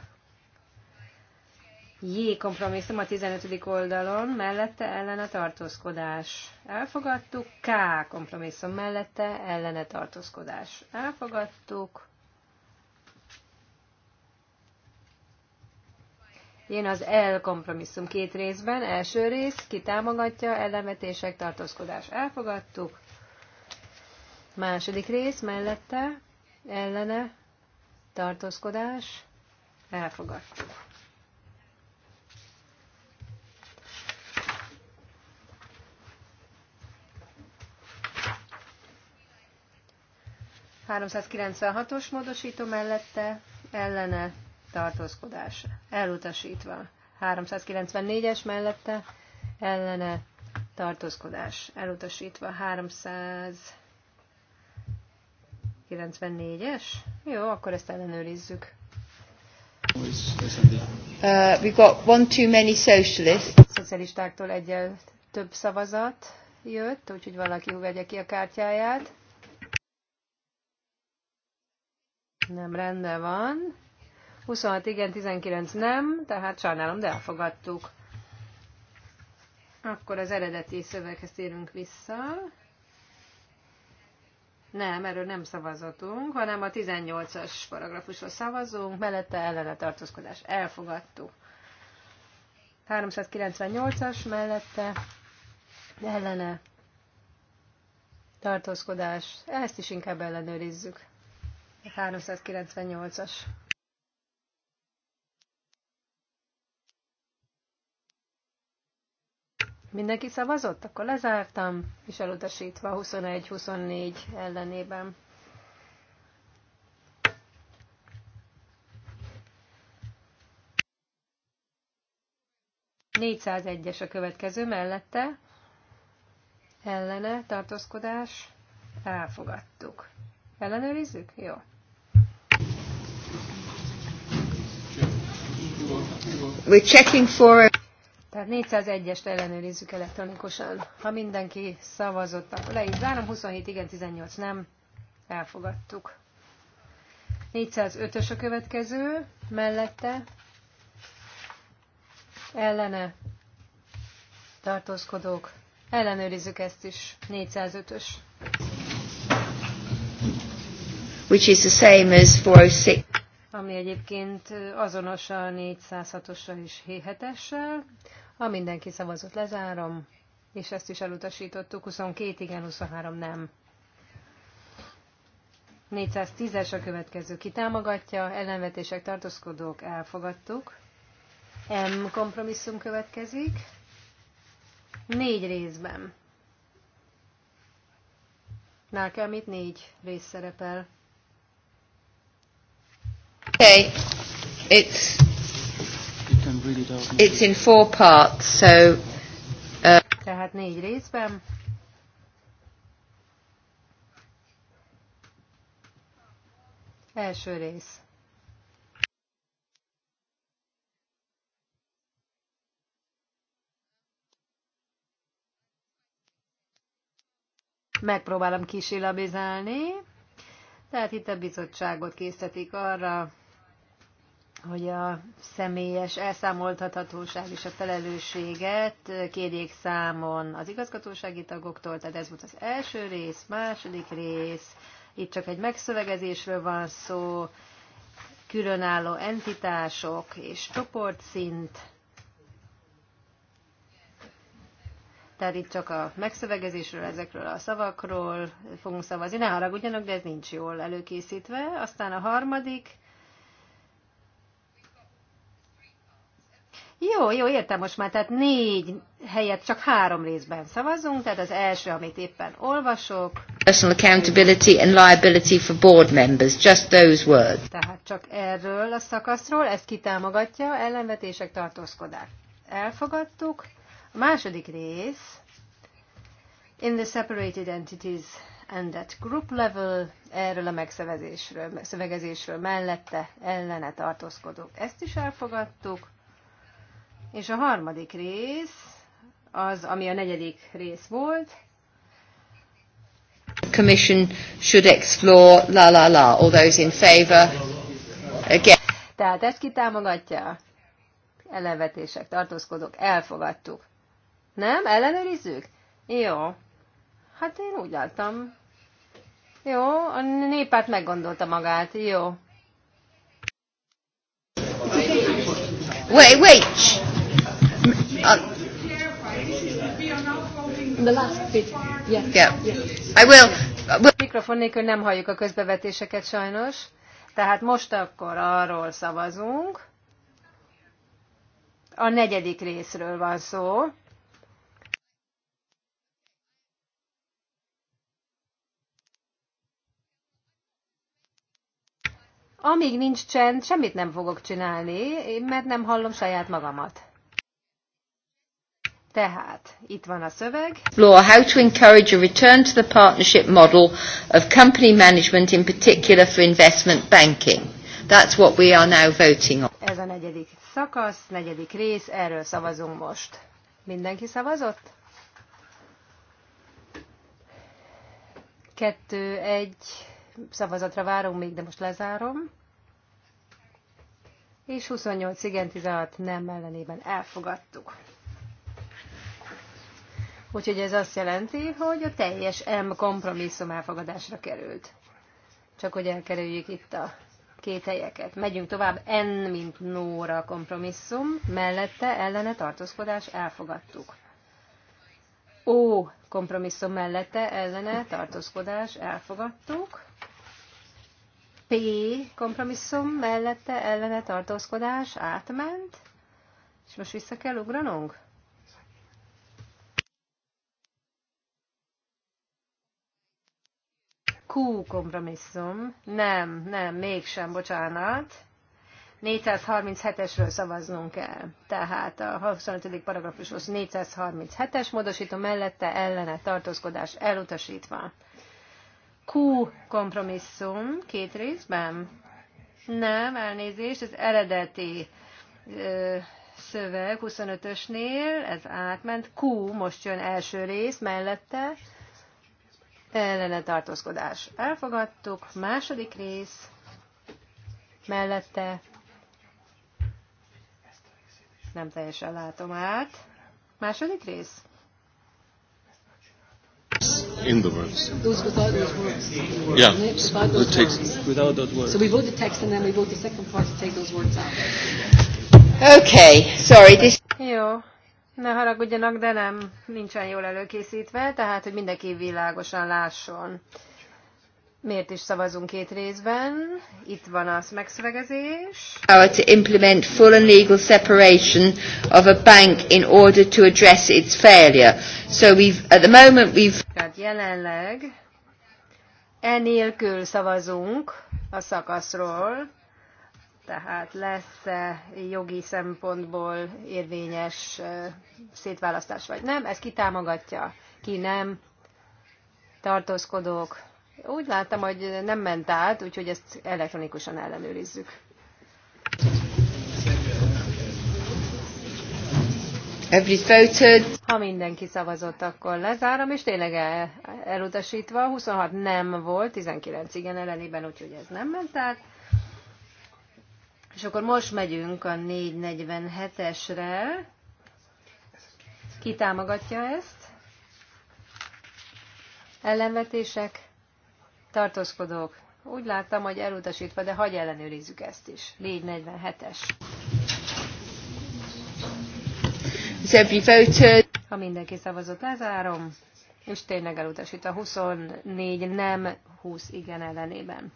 J kompromisszum a 15. oldalon, mellette ellene tartózkodás. Elfogadtuk. K kompromisszum mellette ellene tartózkodás. Elfogadtuk. Én az L kompromisszum két részben. Első rész, ki támogatja, ellenvetések, tartózkodás. Elfogadtuk. Második rész, mellette, ellene, tartózkodás. Elfogadtuk. Háromszázkilencvenhatos módosító mellette, ellene, tartózkodás elutasítva. 394-es mellette ellene tartózkodás elutasítva. 394-es? Jó, akkor ezt ellenőrizzük. Uh, we've got one too many socialists. A szocialistáktól egyel több szavazat jött, úgyhogy valaki vegye ki a kártyáját. Nem rendben van. 26 igen, 19 nem, tehát sajnálom, de elfogadtuk. Akkor az eredeti szöveghez térünk vissza. Nem, erről nem szavazatunk, hanem a 18-as paragrafusról szavazunk, mellette ellene tartózkodás. Elfogadtuk. 398-as mellette ellene tartózkodás. Ezt is inkább ellenőrizzük. 398-as. Mindenki szavazott? Akkor lezártam, és elutasítva 21-24 ellenében. es a következő mellette. Ellene, tartózkodás, elfogadtuk. Ellenőrizzük? Jó. We're checking for tehát 401-est ellenőrizzük elektronikusan. Ha mindenki szavazott, akkor le is zárom. 27 igen, 18 nem. Elfogadtuk. 405-ös a következő, mellette, ellene, tartózkodók, ellenőrizzük ezt is, 405-ös. Which is the same as 406. Ami egyébként azonos a 406-ossal és 7-essel. Ha mindenki szavazott, lezárom, és ezt is elutasítottuk, 22 igen, 23 nem. 410-es a következő. kitámogatja, ellenvetések, tartózkodók, elfogadtuk. M kompromisszum következik. Négy részben. Nekem itt négy rész szerepel. Okay. It's It's in four parts, so... Uh, Tehát négy részben. Első rész. Megpróbálom kisilabizálni. Tehát itt a bizottságot készítik arra, hogy a személyes elszámoltathatóság és a felelősséget kérjék számon az igazgatósági tagoktól, tehát ez volt az első rész, második rész, itt csak egy megszövegezésről van szó, különálló entitások és csoportszint, tehát itt csak a megszövegezésről, ezekről a szavakról fogunk szavazni. Ne haragudjanak, de ez nincs jól előkészítve. Aztán a harmadik, Jó, jó, értem most már, tehát négy helyet csak három részben szavazunk, tehát az első, amit éppen olvasok. Personal accountability and liability for board members, just those words. Tehát csak erről a szakaszról, ezt kitámogatja, ellenvetések, tartózkodás. Elfogadtuk. A második rész, in the separated entities and at group level, erről a megszövegezésről, mellette ellene tartózkodók. Ezt is elfogadtuk. És a harmadik rész, az, ami a negyedik rész volt. Commission should explore la la la, all those in favor. Again. Tehát ezt kitámogatja? Ellenvetések, tartózkodók, elfogadtuk. Nem? Ellenőrizzük? Jó. Hát én úgy láttam. Jó, a népát meggondolta magát. Jó. Wait, wait. Uh, uh, Mikrofon nélkül nem halljuk a közbevetéseket sajnos. Tehát most akkor arról szavazunk. A negyedik részről van szó. Amíg nincs csend, semmit nem fogok csinálni, mert nem hallom saját magamat. Tehát itt van a szöveg. Law, how to encourage a return to the partnership model of company management in particular for investment banking. That's what we are now voting on. Ez a negyedik szakasz, negyedik rész, erről szavazunk most. Mindenki szavazott? Kettő, egy szavazatra várunk még, de most lezárom. És 28 igen, 16 nem ellenében elfogadtuk. Úgyhogy ez azt jelenti, hogy a teljes M kompromisszum elfogadásra került. Csak hogy elkerüljük itt a két helyeket. Megyünk tovább, N, mint Nóra kompromisszum, mellette ellene tartózkodás elfogadtuk. O kompromisszum mellette ellene tartózkodás elfogadtuk. P kompromisszum mellette ellene tartózkodás átment. És most vissza kell ugranunk? Q kompromisszum. Nem, nem, mégsem, bocsánat. 437-esről szavaznunk kell. Tehát a 25. paragrafushoz 437-es módosító mellette ellene tartózkodás elutasítva. Q kompromisszum két részben? Nem, elnézést, az eredeti ö, szöveg 25-ösnél, ez átment. Q most jön első rész mellette, ellene tartózkodás elfogadtuk, második rész mellette nem teljesen látom át. Második rész. In the words. Those without those words. Yeah. Without those the text. words. Without those words. So we vote the text and then we vote the second part to take those words out. Okay, sorry. This... Yeah. Ne haragudjanak, de nem, nincsen jól előkészítve, tehát, hogy mindenki világosan lásson. Miért is szavazunk két részben? Itt van az megszövegezés. Power to implement full and legal separation of a bank in order to address its failure. So we've, at the moment we've... Tehát jelenleg enélkül szavazunk a szakaszról, tehát lesz -e jogi szempontból érvényes szétválasztás vagy nem, ez kitámogatja, ki nem, tartózkodók. Úgy láttam, hogy nem ment át, úgyhogy ezt elektronikusan ellenőrizzük. Every voted. Ha mindenki szavazott, akkor lezárom, és tényleg el, elutasítva, 26 nem volt, 19 igen ellenében, úgyhogy ez nem ment át. És akkor most megyünk a 447-esre. Ki támogatja ezt? Ellenvetések? Tartózkodók? Úgy láttam, hogy elutasítva, de hagy ellenőrizzük ezt is. 447-es. Ha mindenki szavazott, lezárom, és tényleg elutasít a 24 nem, 20 igen ellenében.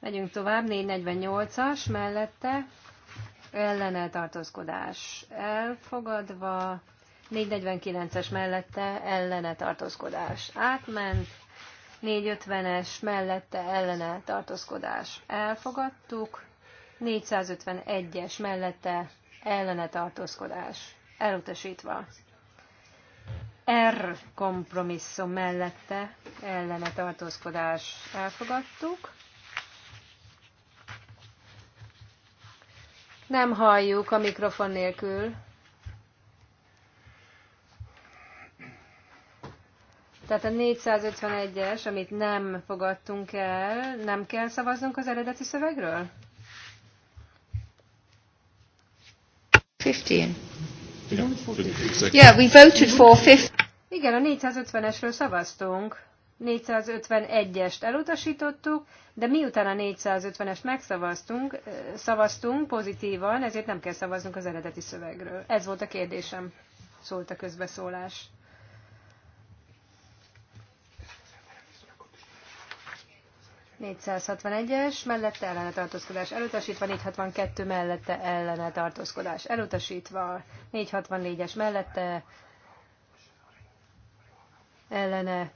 Megyünk tovább, 448-as mellette ellene tartózkodás elfogadva, 449-es mellette ellene tartózkodás átment, 450-es mellette ellene tartózkodás elfogadtuk, 451-es mellette ellene tartózkodás elutasítva. R kompromisszum mellette ellene tartózkodás elfogadtuk, Nem halljuk a mikrofon nélkül. Tehát a 451-es, amit nem fogadtunk el, nem kell szavaznunk az eredeti szövegről? 15. Yeah, we voted for 15. Igen, a 450-esről szavaztunk. 451-est elutasítottuk, de miután a 450-est megszavaztunk, szavaztunk pozitívan, ezért nem kell szavaznunk az eredeti szövegről. Ez volt a kérdésem, szólt a közbeszólás. es mellette ellene tartózkodás elutasítva, 462 mellette ellene tartózkodás elutasítva, 464-es mellette ellene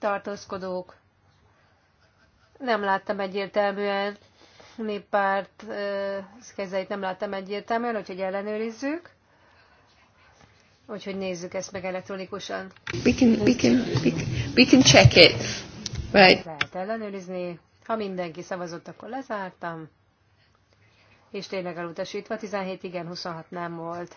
tartózkodók. Nem láttam egyértelműen néppárt kezeit nem láttam egyértelműen, úgyhogy ellenőrizzük. Úgyhogy nézzük ezt meg elektronikusan. We can, we can, we can, we can check it. Right. Lehet ellenőrizni. Ha mindenki szavazott, akkor lezártam. És tényleg elutasítva, 17 igen, 26 nem volt.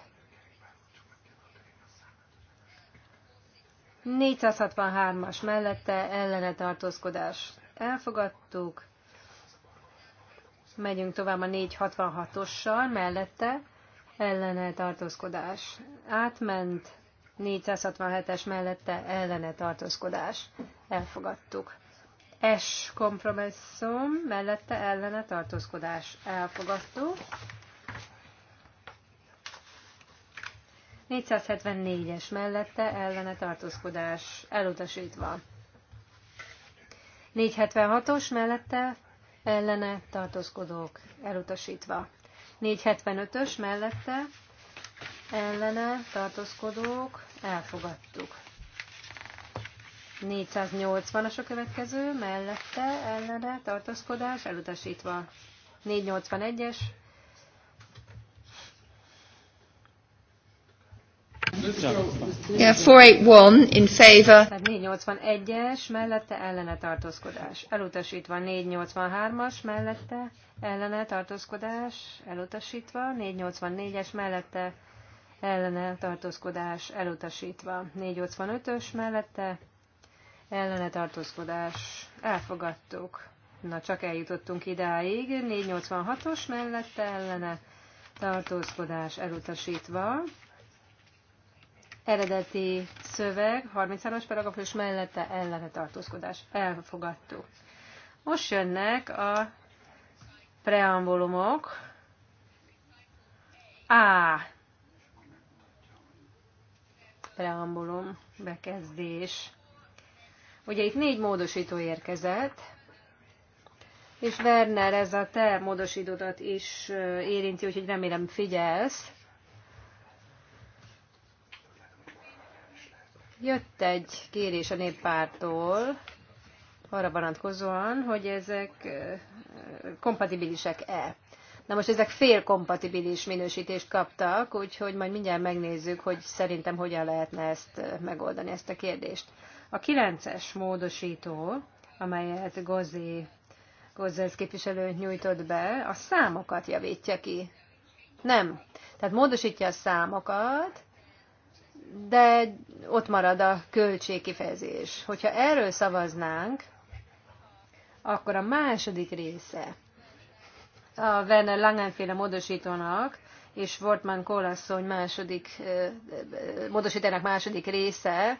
463-as mellette ellene tartózkodás. Elfogadtuk. Megyünk tovább a 466-ossal, mellette ellene tartózkodás. Átment 467-es mellette ellene tartózkodás. Elfogadtuk. S kompromisszum mellette ellene tartózkodás. Elfogadtuk. 474-es mellette ellene tartózkodás elutasítva. 476-os mellette ellene tartózkodók elutasítva. 475-ös mellette ellene tartózkodók elfogadtuk. 480-as a következő, mellette ellene tartózkodás elutasítva. 481-es 481 in favor. 481-es mellette ellene tartózkodás. Elutasítva 483-as mellette ellene tartózkodás. Elutasítva 484-es mellette ellene tartózkodás. Elutasítva 485-ös mellette ellene tartózkodás. Elfogadtuk. Na csak eljutottunk idáig. 486-os mellette ellene tartózkodás elutasítva. Eredeti szöveg, 33-as paragrafus mellette ellene tartózkodás. Elfogadtuk. Most jönnek a preambulumok. A. Preambulum, bekezdés. Ugye itt négy módosító érkezett, és Werner, ez a te módosítódat is érinti, úgyhogy remélem figyelsz. Jött egy kérés a néppártól arra vonatkozóan, hogy ezek kompatibilisek-e. Na most ezek félkompatibilis minősítést kaptak, úgyhogy majd mindjárt megnézzük, hogy szerintem hogyan lehetne ezt megoldani, ezt a kérdést. A 9-es módosító, amelyet Gozi, Gozzelsz képviselő nyújtott be, a számokat javítja ki. Nem. Tehát módosítja a számokat, de ott marad a költségkifejezés. Hogyha erről szavaznánk, akkor a második része a Werner Langenféle módosítónak és Wortmann Kolasszony második, módosítának második része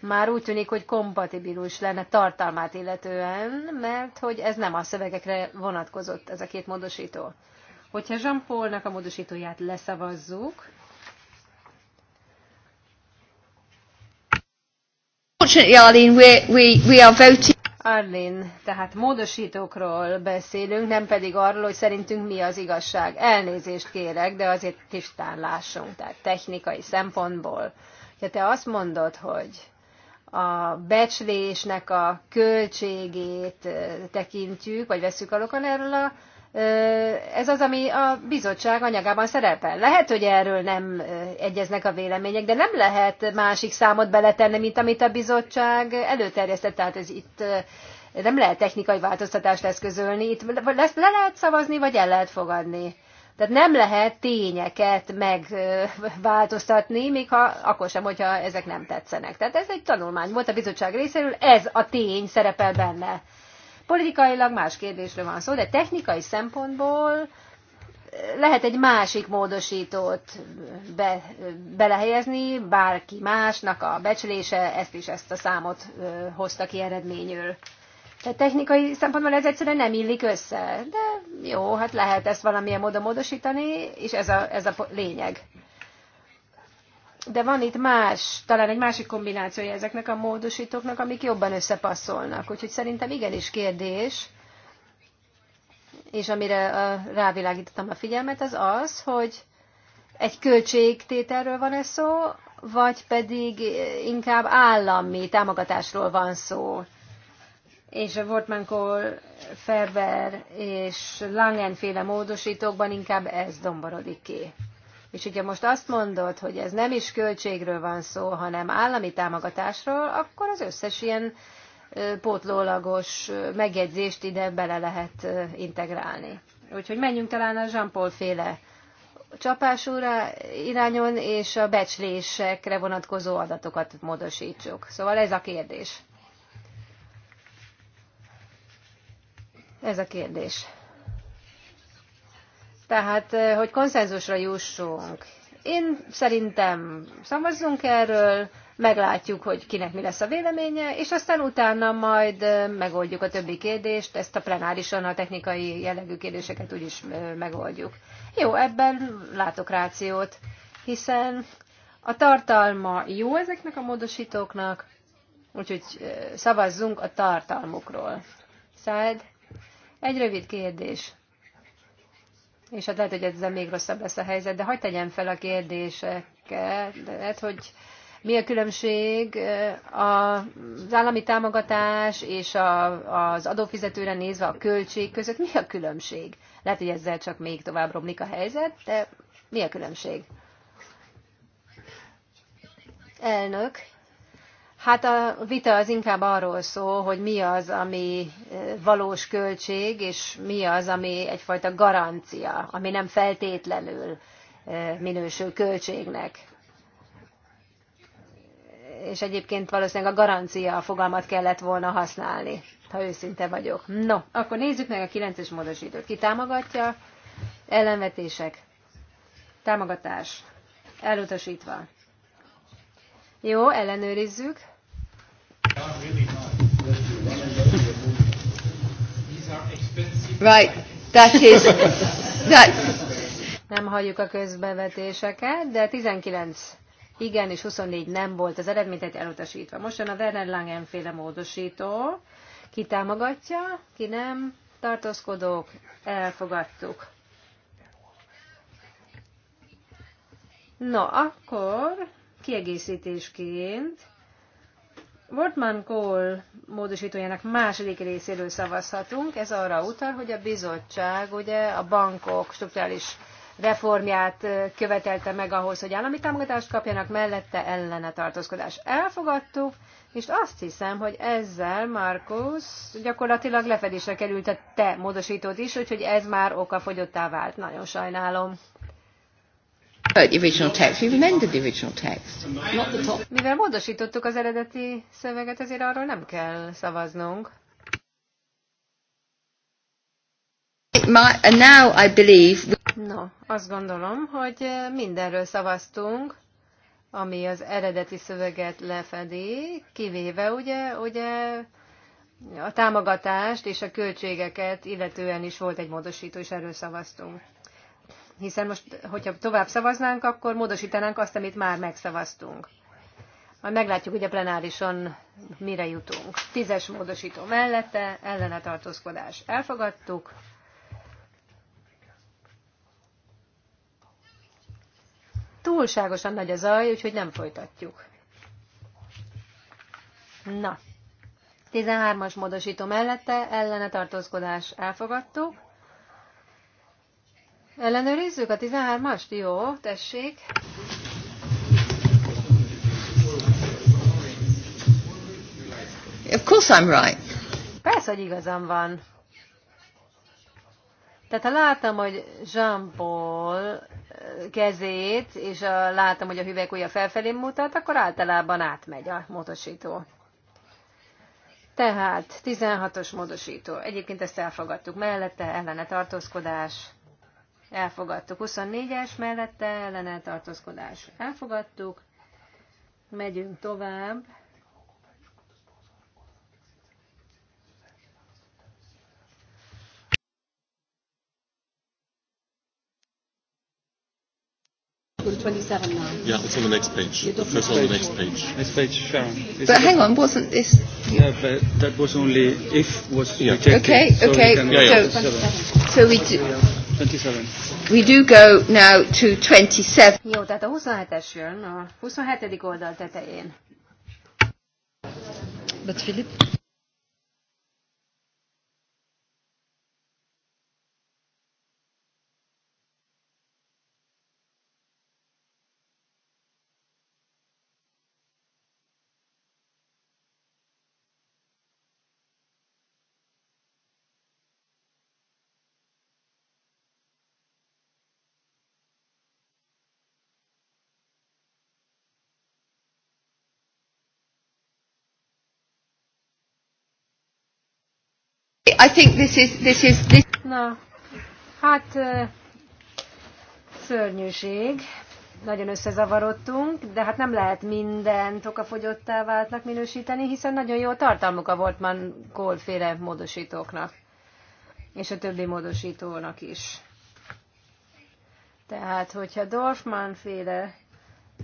már úgy tűnik, hogy kompatibilis lenne tartalmát illetően, mert hogy ez nem a szövegekre vonatkozott ez a két módosító. Hogyha Jean Paulnak a módosítóját leszavazzuk, unfortunately, Arlene, we, we, we are voting. Arlene, tehát módosítókról beszélünk, nem pedig arról, hogy szerintünk mi az igazság. Elnézést kérek, de azért tisztán lássunk, tehát technikai szempontból. Ha te azt mondod, hogy a becslésnek a költségét eh, tekintjük, vagy veszük alokan erről a ez az, ami a bizottság anyagában szerepel. Lehet, hogy erről nem egyeznek a vélemények, de nem lehet másik számot beletenni, mint amit a bizottság előterjesztett. Tehát ez itt nem lehet technikai változtatást eszközölni, itt lesz, le lehet szavazni, vagy el lehet fogadni. Tehát nem lehet tényeket megváltoztatni, még ha akkor sem, hogyha ezek nem tetszenek. Tehát ez egy tanulmány volt a bizottság részéről, ez a tény szerepel benne. Politikailag más kérdésről van szó, de technikai szempontból eh, lehet egy másik módosítót be, eh, belehelyezni, bárki másnak a becslése ezt is ezt a számot eh, hozta ki eredményül. Tehát technikai szempontból ez egyszerűen nem illik össze, de jó, hát lehet ezt valamilyen módon módosítani, és ez a, ez a lényeg de van itt más, talán egy másik kombinációja ezeknek a módosítóknak, amik jobban összepasszolnak. Úgyhogy szerintem igenis kérdés, és amire rávilágítottam a figyelmet, az az, hogy egy költségtételről van ez szó, vagy pedig inkább állami támogatásról van szó. És a Wortmann Ferber és Langenféle módosítókban inkább ez domborodik ki. És hogyha most azt mondod, hogy ez nem is költségről van szó, hanem állami támogatásról, akkor az összes ilyen pótlólagos megjegyzést ide bele lehet integrálni. Úgyhogy menjünk talán a Jean-Paul féle csapásúra irányon, és a becslésekre vonatkozó adatokat módosítsuk. Szóval ez a kérdés. Ez a kérdés. Tehát, eh, hogy konszenzusra jussunk. Én szerintem szavazzunk erről, meglátjuk, hogy kinek mi lesz a véleménye, és aztán utána majd eh, megoldjuk a többi kérdést, ezt a plenárison a technikai jellegű kérdéseket úgyis eh, megoldjuk. Jó, ebben látok rációt, hiszen a tartalma jó ezeknek a módosítóknak, úgyhogy szavazzunk a tartalmukról. Szád, egy rövid kérdés és hát lehet, hogy ezzel még rosszabb lesz a helyzet, de hagyd tegyem fel a kérdéseket, hogy mi a különbség eh, az állami támogatás és a, az adófizetőre nézve a költség között, mi a különbség? Lehet, hogy ezzel csak még tovább romlik a helyzet, de mi a különbség? Elnök, Hát a vita az inkább arról szól, hogy mi az, ami eh, valós költség, és mi az, ami egyfajta garancia, ami nem feltétlenül eh, minősül költségnek. És egyébként valószínűleg a garancia a fogalmat kellett volna használni, ha őszinte vagyok. No, akkor nézzük meg a 9-es módosítót. Ki támogatja? Ellenvetések. Támogatás. Elutasítva. Jó, ellenőrizzük. Right, that is, that... Nem halljuk a közbevetéseket, de 19 igen és 24 nem volt az eredmény, tehát elutasítva. Most jön a Werner Langen féle módosító. Ki támogatja, ki nem, tartózkodók, elfogadtuk. No, akkor kiegészítésként Wortmann Kohl módosítójának második részéről szavazhatunk. Ez arra utal, hogy a bizottság ugye a bankok strukturális reformját követelte meg ahhoz, hogy állami támogatást kapjanak, mellette ellene tartózkodás. Elfogadtuk, és azt hiszem, hogy ezzel, Markus, gyakorlatilag lefedésre került a te módosítót is, úgyhogy ez már okafogyottá vált. Nagyon sajnálom. Mivel módosítottuk az eredeti szöveget, ezért arról nem kell szavaznunk. and now I believe... We... No, azt gondolom, hogy mindenről szavaztunk, ami az eredeti szöveget lefedi, kivéve ugye, ugye a támogatást és a költségeket illetően is volt egy módosító, és erről szavaztunk hiszen most, hogyha tovább szavaznánk, akkor módosítanánk azt, amit már megszavaztunk. Majd meglátjuk, hogy a plenárison mire jutunk. Tízes módosító mellette, ellene tartózkodás elfogadtuk. Túlságosan nagy a zaj, úgyhogy nem folytatjuk. Na, 13-as módosító mellette, ellene tartózkodás elfogadtuk. Ellenőrizzük a 13-ast? Jó, tessék. Of course I'm right. Persze, hogy igazam van. Tehát ha láttam, hogy Jean Paul eh, kezét, és a, eh, láttam, hogy a ujja felfelé mutat, akkor általában átmegy a módosító. Tehát 16-os módosító. Egyébként ezt elfogadtuk mellette, ellene tartózkodás, elfogadtuk. 24-es mellette ellene elfogadtuk. Megyünk tovább. Yeah, it's on the next page. The first on the next page. Next page, Sharon. Is but hang on, wasn't this? Yeah, but that was only if was yeah. rejected. Okay, okay. So, yeah, yeah. so, so we do. 27. We do go now to 27. Jó, tehát a 27-es jön, a 27. oldal tetején. But Philip? I think this is, this is, this... Na, hát szörnyűség. Nagyon összezavarodtunk, de hát nem lehet mindent fogyottá váltnak minősíteni, hiszen nagyon jó tartalmuk a volt Kohl-féle módosítóknak, és a többi módosítónak is. Tehát, hogyha Dorfman féle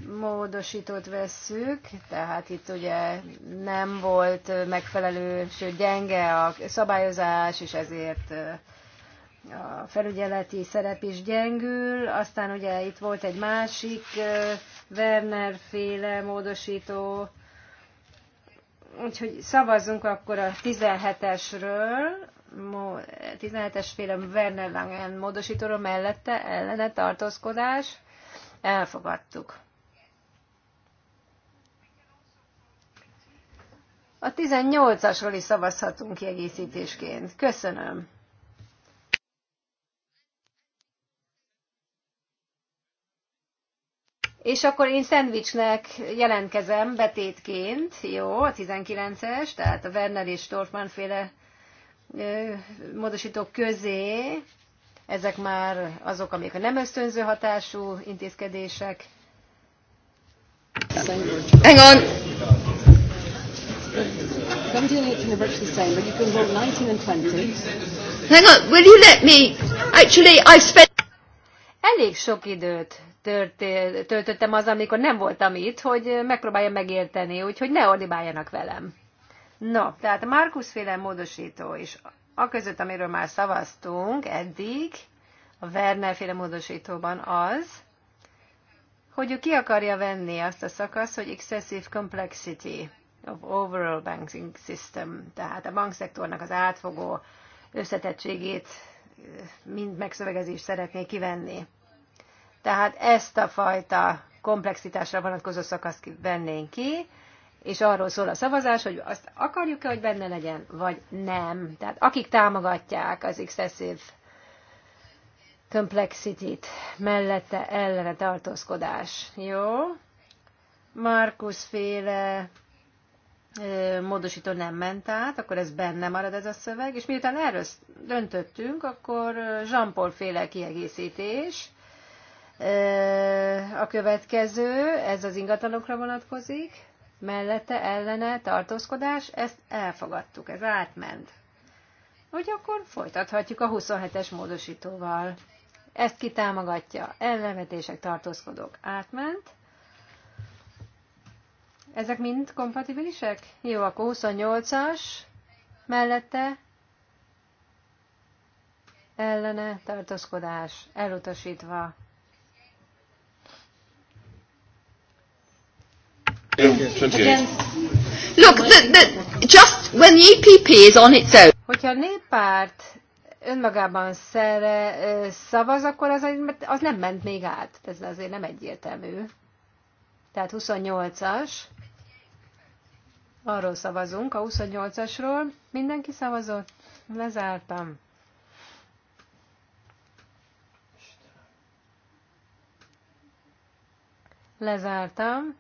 módosítót vesszük, tehát itt ugye nem volt megfelelő, sőt gyenge a szabályozás, és ezért a felügyeleti szerep is gyengül. Aztán ugye itt volt egy másik Werner féle módosító, úgyhogy szavazzunk akkor a 17-esről, 17-es féle Werner Langen módosítóról mellette ellene tartózkodás. Elfogadtuk. A 18-asról is szavazhatunk kiegészítésként. Köszönöm. És akkor én szendvicsnek jelentkezem betétként, jó, a 19-es, tehát a Werner és Dorfman féle módosítók közé, ezek már azok, amik a nem ösztönző hatású intézkedések. Hang on. Seventy-eight are virtually the same, but you can vote 19 and 20. Hang on, will you let me? Actually, I spent... Elég sok időt töltöttem az, amikor nem voltam itt, hogy megpróbáljam megérteni, úgyhogy ne ordibáljanak velem. No, tehát a Markus féle módosító is, a között, amiről már szavaztunk eddig, a Werner féle módosítóban az, hogy ő ki akarja venni azt a szakaszt, hogy excessive complexity of Overall Banking System, tehát a bankszektornak az átfogó összetettségét eh, mind megszövegezést szeretné kivenni. Tehát ezt a fajta komplexitásra vonatkozó szakaszt vennénk ki, és arról szól a szavazás, hogy azt akarjuk-e, hogy benne legyen, vagy nem. Tehát akik támogatják az excessive complexity mellette ellene tartózkodás. Jó? Markus féle módosító nem ment át, akkor ez benne marad ez a szöveg, és miután erről döntöttünk, akkor Jean-Paul féle kiegészítés a következő, ez az ingatlanokra vonatkozik, mellette ellene tartózkodás, ezt elfogadtuk, ez átment. Hogy akkor folytathatjuk a 27-es módosítóval. Ezt kitámogatja, ellenvetések tartózkodók átment. Ezek mind kompatibilisek? Jó, akkor 28-as mellette ellene tartózkodás elutasítva. Look, the, the, just when the EPP is on its own. Hogyha a néppárt önmagában szere, szavaz, akkor az, az nem ment még át. Ez azért nem egyértelmű. Tehát 28-as Arról szavazunk, a 28-asról. Mindenki szavazott? Lezártam. Lezártam,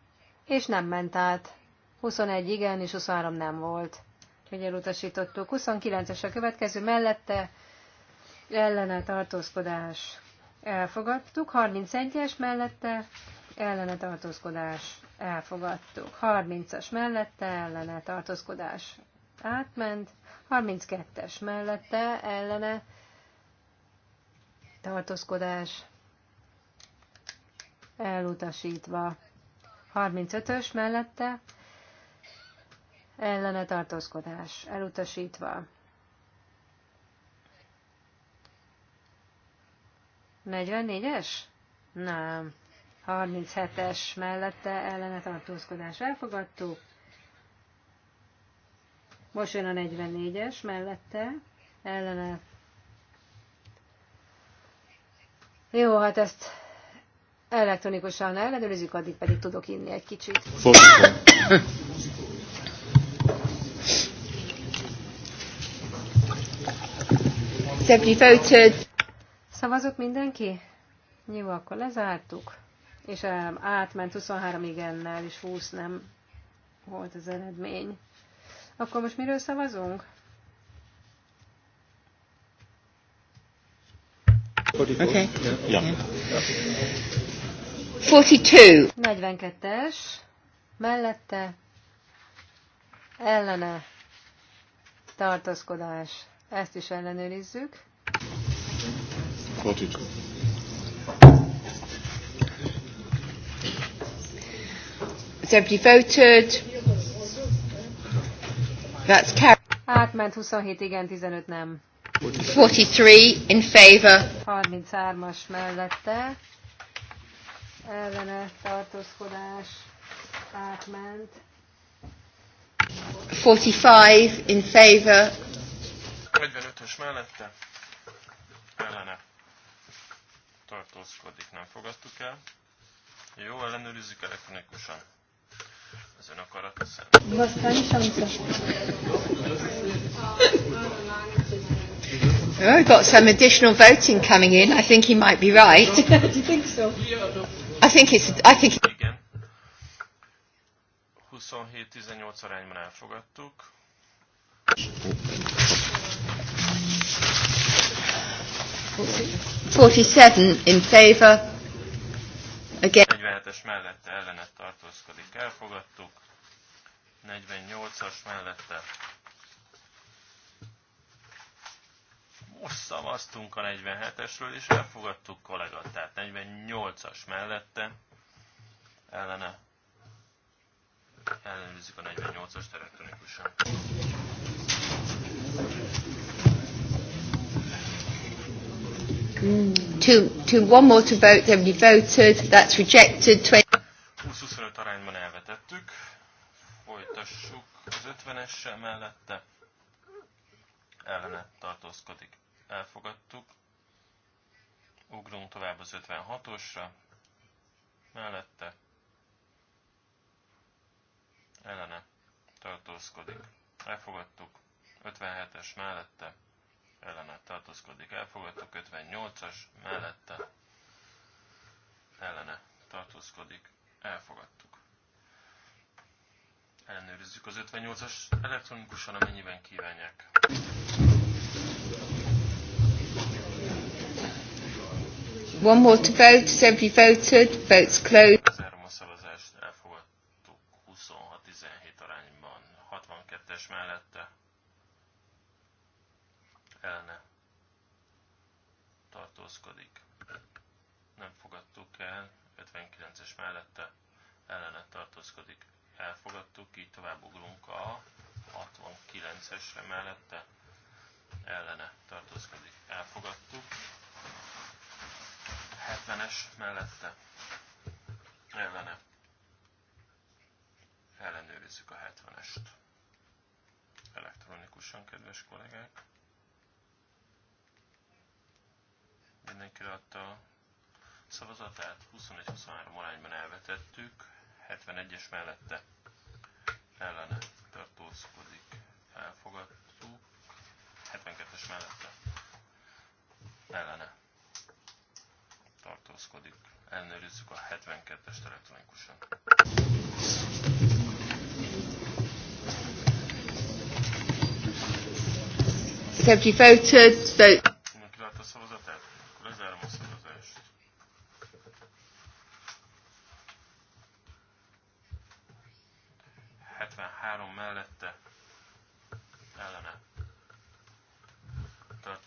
és nem ment át. 21 igen, és 23 nem volt. Úgyhogy elutasítottuk. 29-es a következő, mellette ellene tartózkodás. Elfogadtuk. 31-es mellette ellene tartózkodás elfogadtuk. 30-as mellette ellene tartózkodás átment. 32-es mellette ellene tartózkodás elutasítva. 35-ös mellette ellene tartózkodás elutasítva. 44-es? Nem. 37-es mellette ellene tartózkodás elfogadtuk. Most jön a 44-es mellette ellene. Jó, hát ezt elektronikusan ellenőrizzük, addig pedig tudok inni egy kicsit. Fordítom. Szavazott mindenki? Jó, akkor lezártuk és átment 23 igennel, és 20 nem volt az eredmény. Akkor most miről szavazunk? Okay. Yeah. 42. 42-es, mellette, ellene, tartózkodás. Ezt is ellenőrizzük. 42. Has everybody voted? That's carried. Átment 27 igen, 15 nem. 43 in favor. 33-as mellette. Ellene tartózkodás átment. 45 in favor. 45-ös mellette. Ellene. Tartózkodik, nem fogadtuk el. Jó, ellenőrizzük elektronikusan az ön akarata szerint. Oh, I've got some additional voting coming in. I think he might be right. Do you think so? I think it's. I think. Igen. 27-18 arányban elfogadtuk. Forty-seven in favour. 47-es mellette ellenet tartózkodik, elfogadtuk. 48-as mellette most szavaztunk a 47-esről, és elfogadtuk kollega, tehát 48-as mellette ellene ellenőrizzük a 48-as elektronikusan. Two, two, one more to vote, nobody voted, that's rejected. 20-25 arányban elvetettük. Folytassuk az 50-essel mellette. Ellene tartózkodik. Elfogadtuk. Ugrunk tovább az 56-osra. Mellette. Ellene tartózkodik. Elfogadtuk. 57-es mellette ellene tartózkodik, elfogadtuk, 58-as mellette ellene tartózkodik, elfogadtuk. Ellenőrizzük az 58-as elektronikusan, amennyiben kívánják. One more to vote, has every voted, votes closed. Zárom a szavazást, elfogadtuk 26-17 arányban, 62-es mellette elne tartózkodik. Nem fogadtuk el, 59-es mellette ellene tartózkodik. Elfogadtuk, így tovább ugrunk a 69-esre mellette ellene tartózkodik. Elfogadtuk. 70-es mellette ellene ellenőrizzük a 70-est elektronikusan, kedves kollégák. Mindenki adta a szavazatát, 21-23 arányban elvetettük, 71-es mellette ellene tartózkodik, elfogadtuk, 72-es mellette ellene tartózkodik. Ellenőrizzük a 72-est elektronikusan. Have you voted? Vote.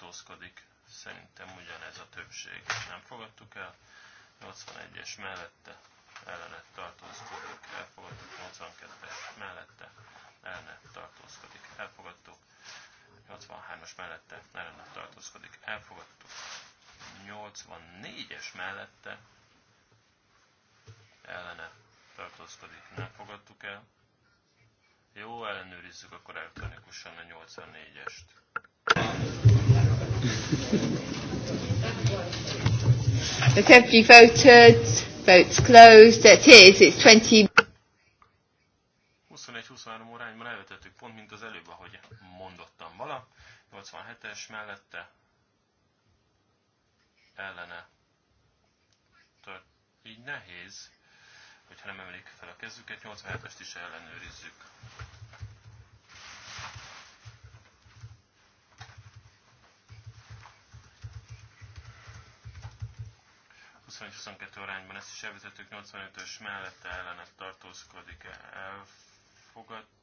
tartózkodik. Szerintem ugyanez a többség. Nem fogadtuk el. 81-es mellette ellenet tartózkodik. Elfogadtuk 82-es mellette ellenet tartózkodik. Elfogadtuk 83-as mellette ellenet tartózkodik. Elfogadtuk 84-es mellette ellene tartózkodik. Nem fogadtuk el. Jó, ellenőrizzük akkor elektronikusan a 84-est. Has everybody voted? Votes closed. It is. It's 20. 21-23 órányban elvetettük pont, mint az előbb, ahogy mondottam vala. 87-es mellette ellene. Tört. Így nehéz, hogyha nem emelik fel a kezüket, 87-est is ellenőrizzük. 20 és 22 arányban ezt is elvezetők 85-ös mellette ellenet tartózkodik elfogadtuk,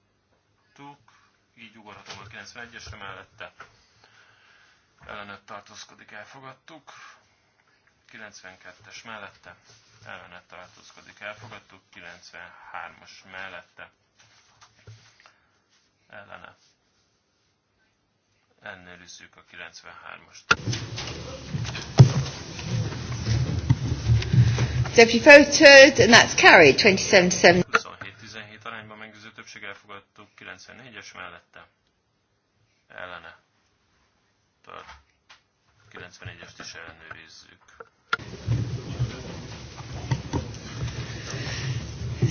így ugorhatom a 91-esre mellette ellenet tartózkodik elfogadtuk, 92-es mellette ellenet tartózkodik elfogadtuk, 93-as mellette ellene ellenőrizzük a 93-ast. So if you voted, and that's carried, 27-7. arányban meggyőző többség elfogadtuk 94-es mellette. Ellene. Tart. 94-est is ellenőrizzük.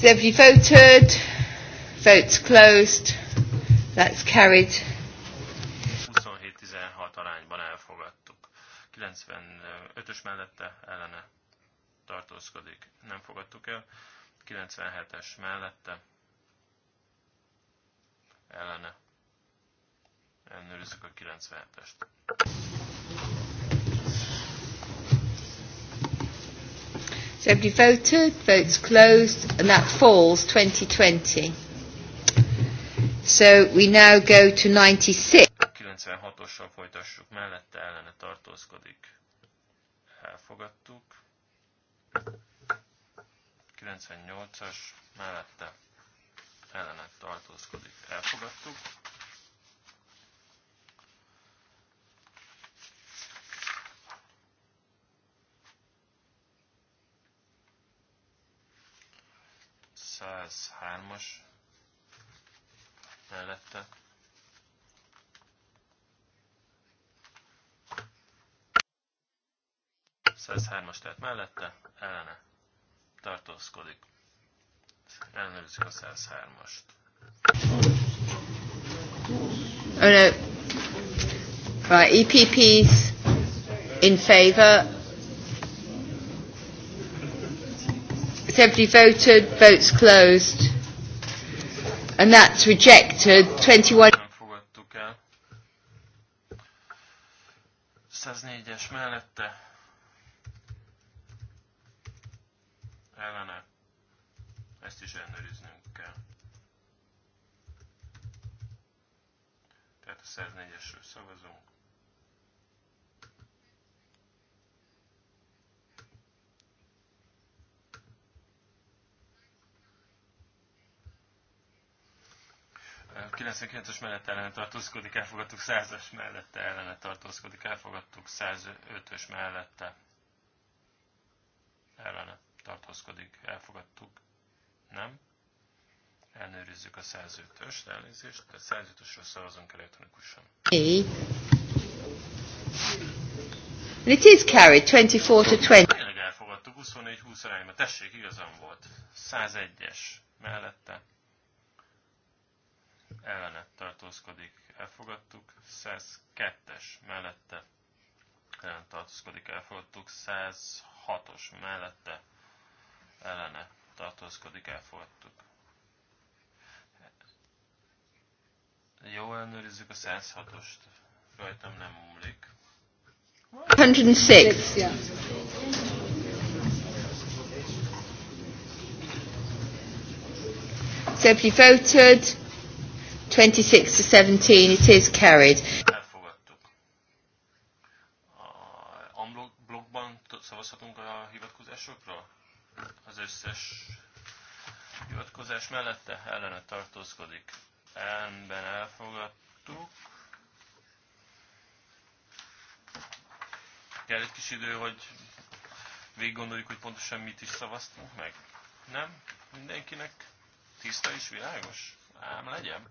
So if you voted, votes closed, that's carried. 27-16 arányban elfogadtuk. 95-ös mellette ellene tartózkodik, nem fogadtuk el. 97-es mellette ellene. Ellenőrizzük a 97-est. So you voted, votes closed, and that falls 2020. So we now go to 96. 96-ossal folytassuk, mellette ellene tartózkodik. Elfogadtuk. 98-as mellette ellenet tartózkodik. Elfogadtuk. Száz hármas mellette 103-as tehát mellette, ellene tartózkodik. Ellenőrzik a 103-ast. Oh no. Right, EPP's in favour. Has everybody voted? Votes closed. And that's rejected. 21. 104-es mellette ellene, ezt is ellenőriznünk kell. Tehát a 104-esről szavazunk. A 99-es mellett ellene tartózkodik, elfogadtuk 100-es mellette ellene tartózkodik, elfogadtuk 105-ös mellette tartózkodik, elfogadtuk, nem? Elnőrizzük a 105-öst, elnézést, a 105-ösről szavazunk elektronikusan. And it is carried 24 to 20. Tényleg elfogadtuk 24-20 arányba. Tessék, igazam volt. 101-es mellette ellene tartózkodik, elfogadtuk. 102-es mellette ellen tartózkodik, elfogadtuk. 106-os mellette ellene tartózkodik, elfogadtuk. Jó, ellenőrizzük a 106-ost. Rajtam nem múlik. 106. So if you voted 26 to 17, it is carried. Elfogadtuk. A blokkban szavazhatunk a hivatkozásokra? az összes hivatkozás mellette ellene tartózkodik. Ellenben elfogadtuk. Kell egy kis idő, hogy végig gondoljuk, hogy pontosan mit is szavaztunk meg. Nem? Mindenkinek tiszta és világos? Ám legyen.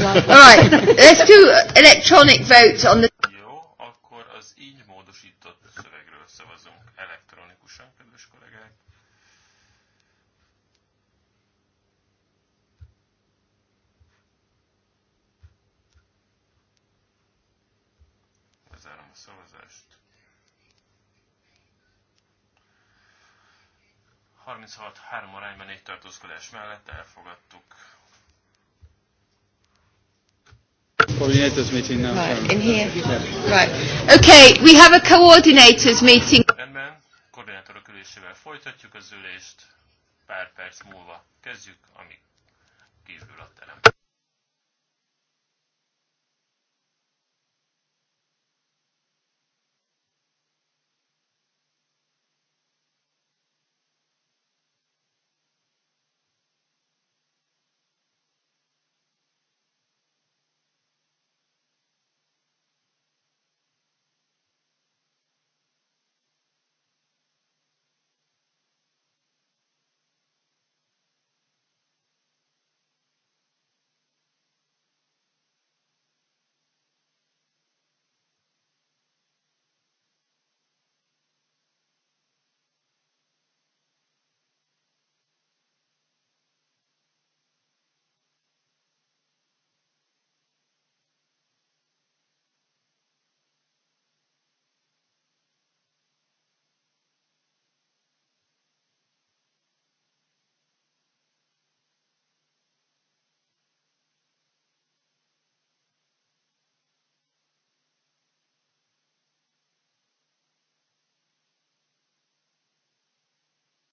right, let's do electronic votes on the... Jó, akkor az így módosított szövegről szavazunk elektronikusan, kedves kollégák. Lezárom a szavazást. 36-3 arányban egy tartózkodás mellett elfogadtuk Coordinators meeting now. Right, in here. Yeah. Right. Okay, we have a coordinators meeting. Rendben, koordinátorok ülésével folytatjuk az ülést. Pár perc múlva kezdjük, amíg kívül a terem.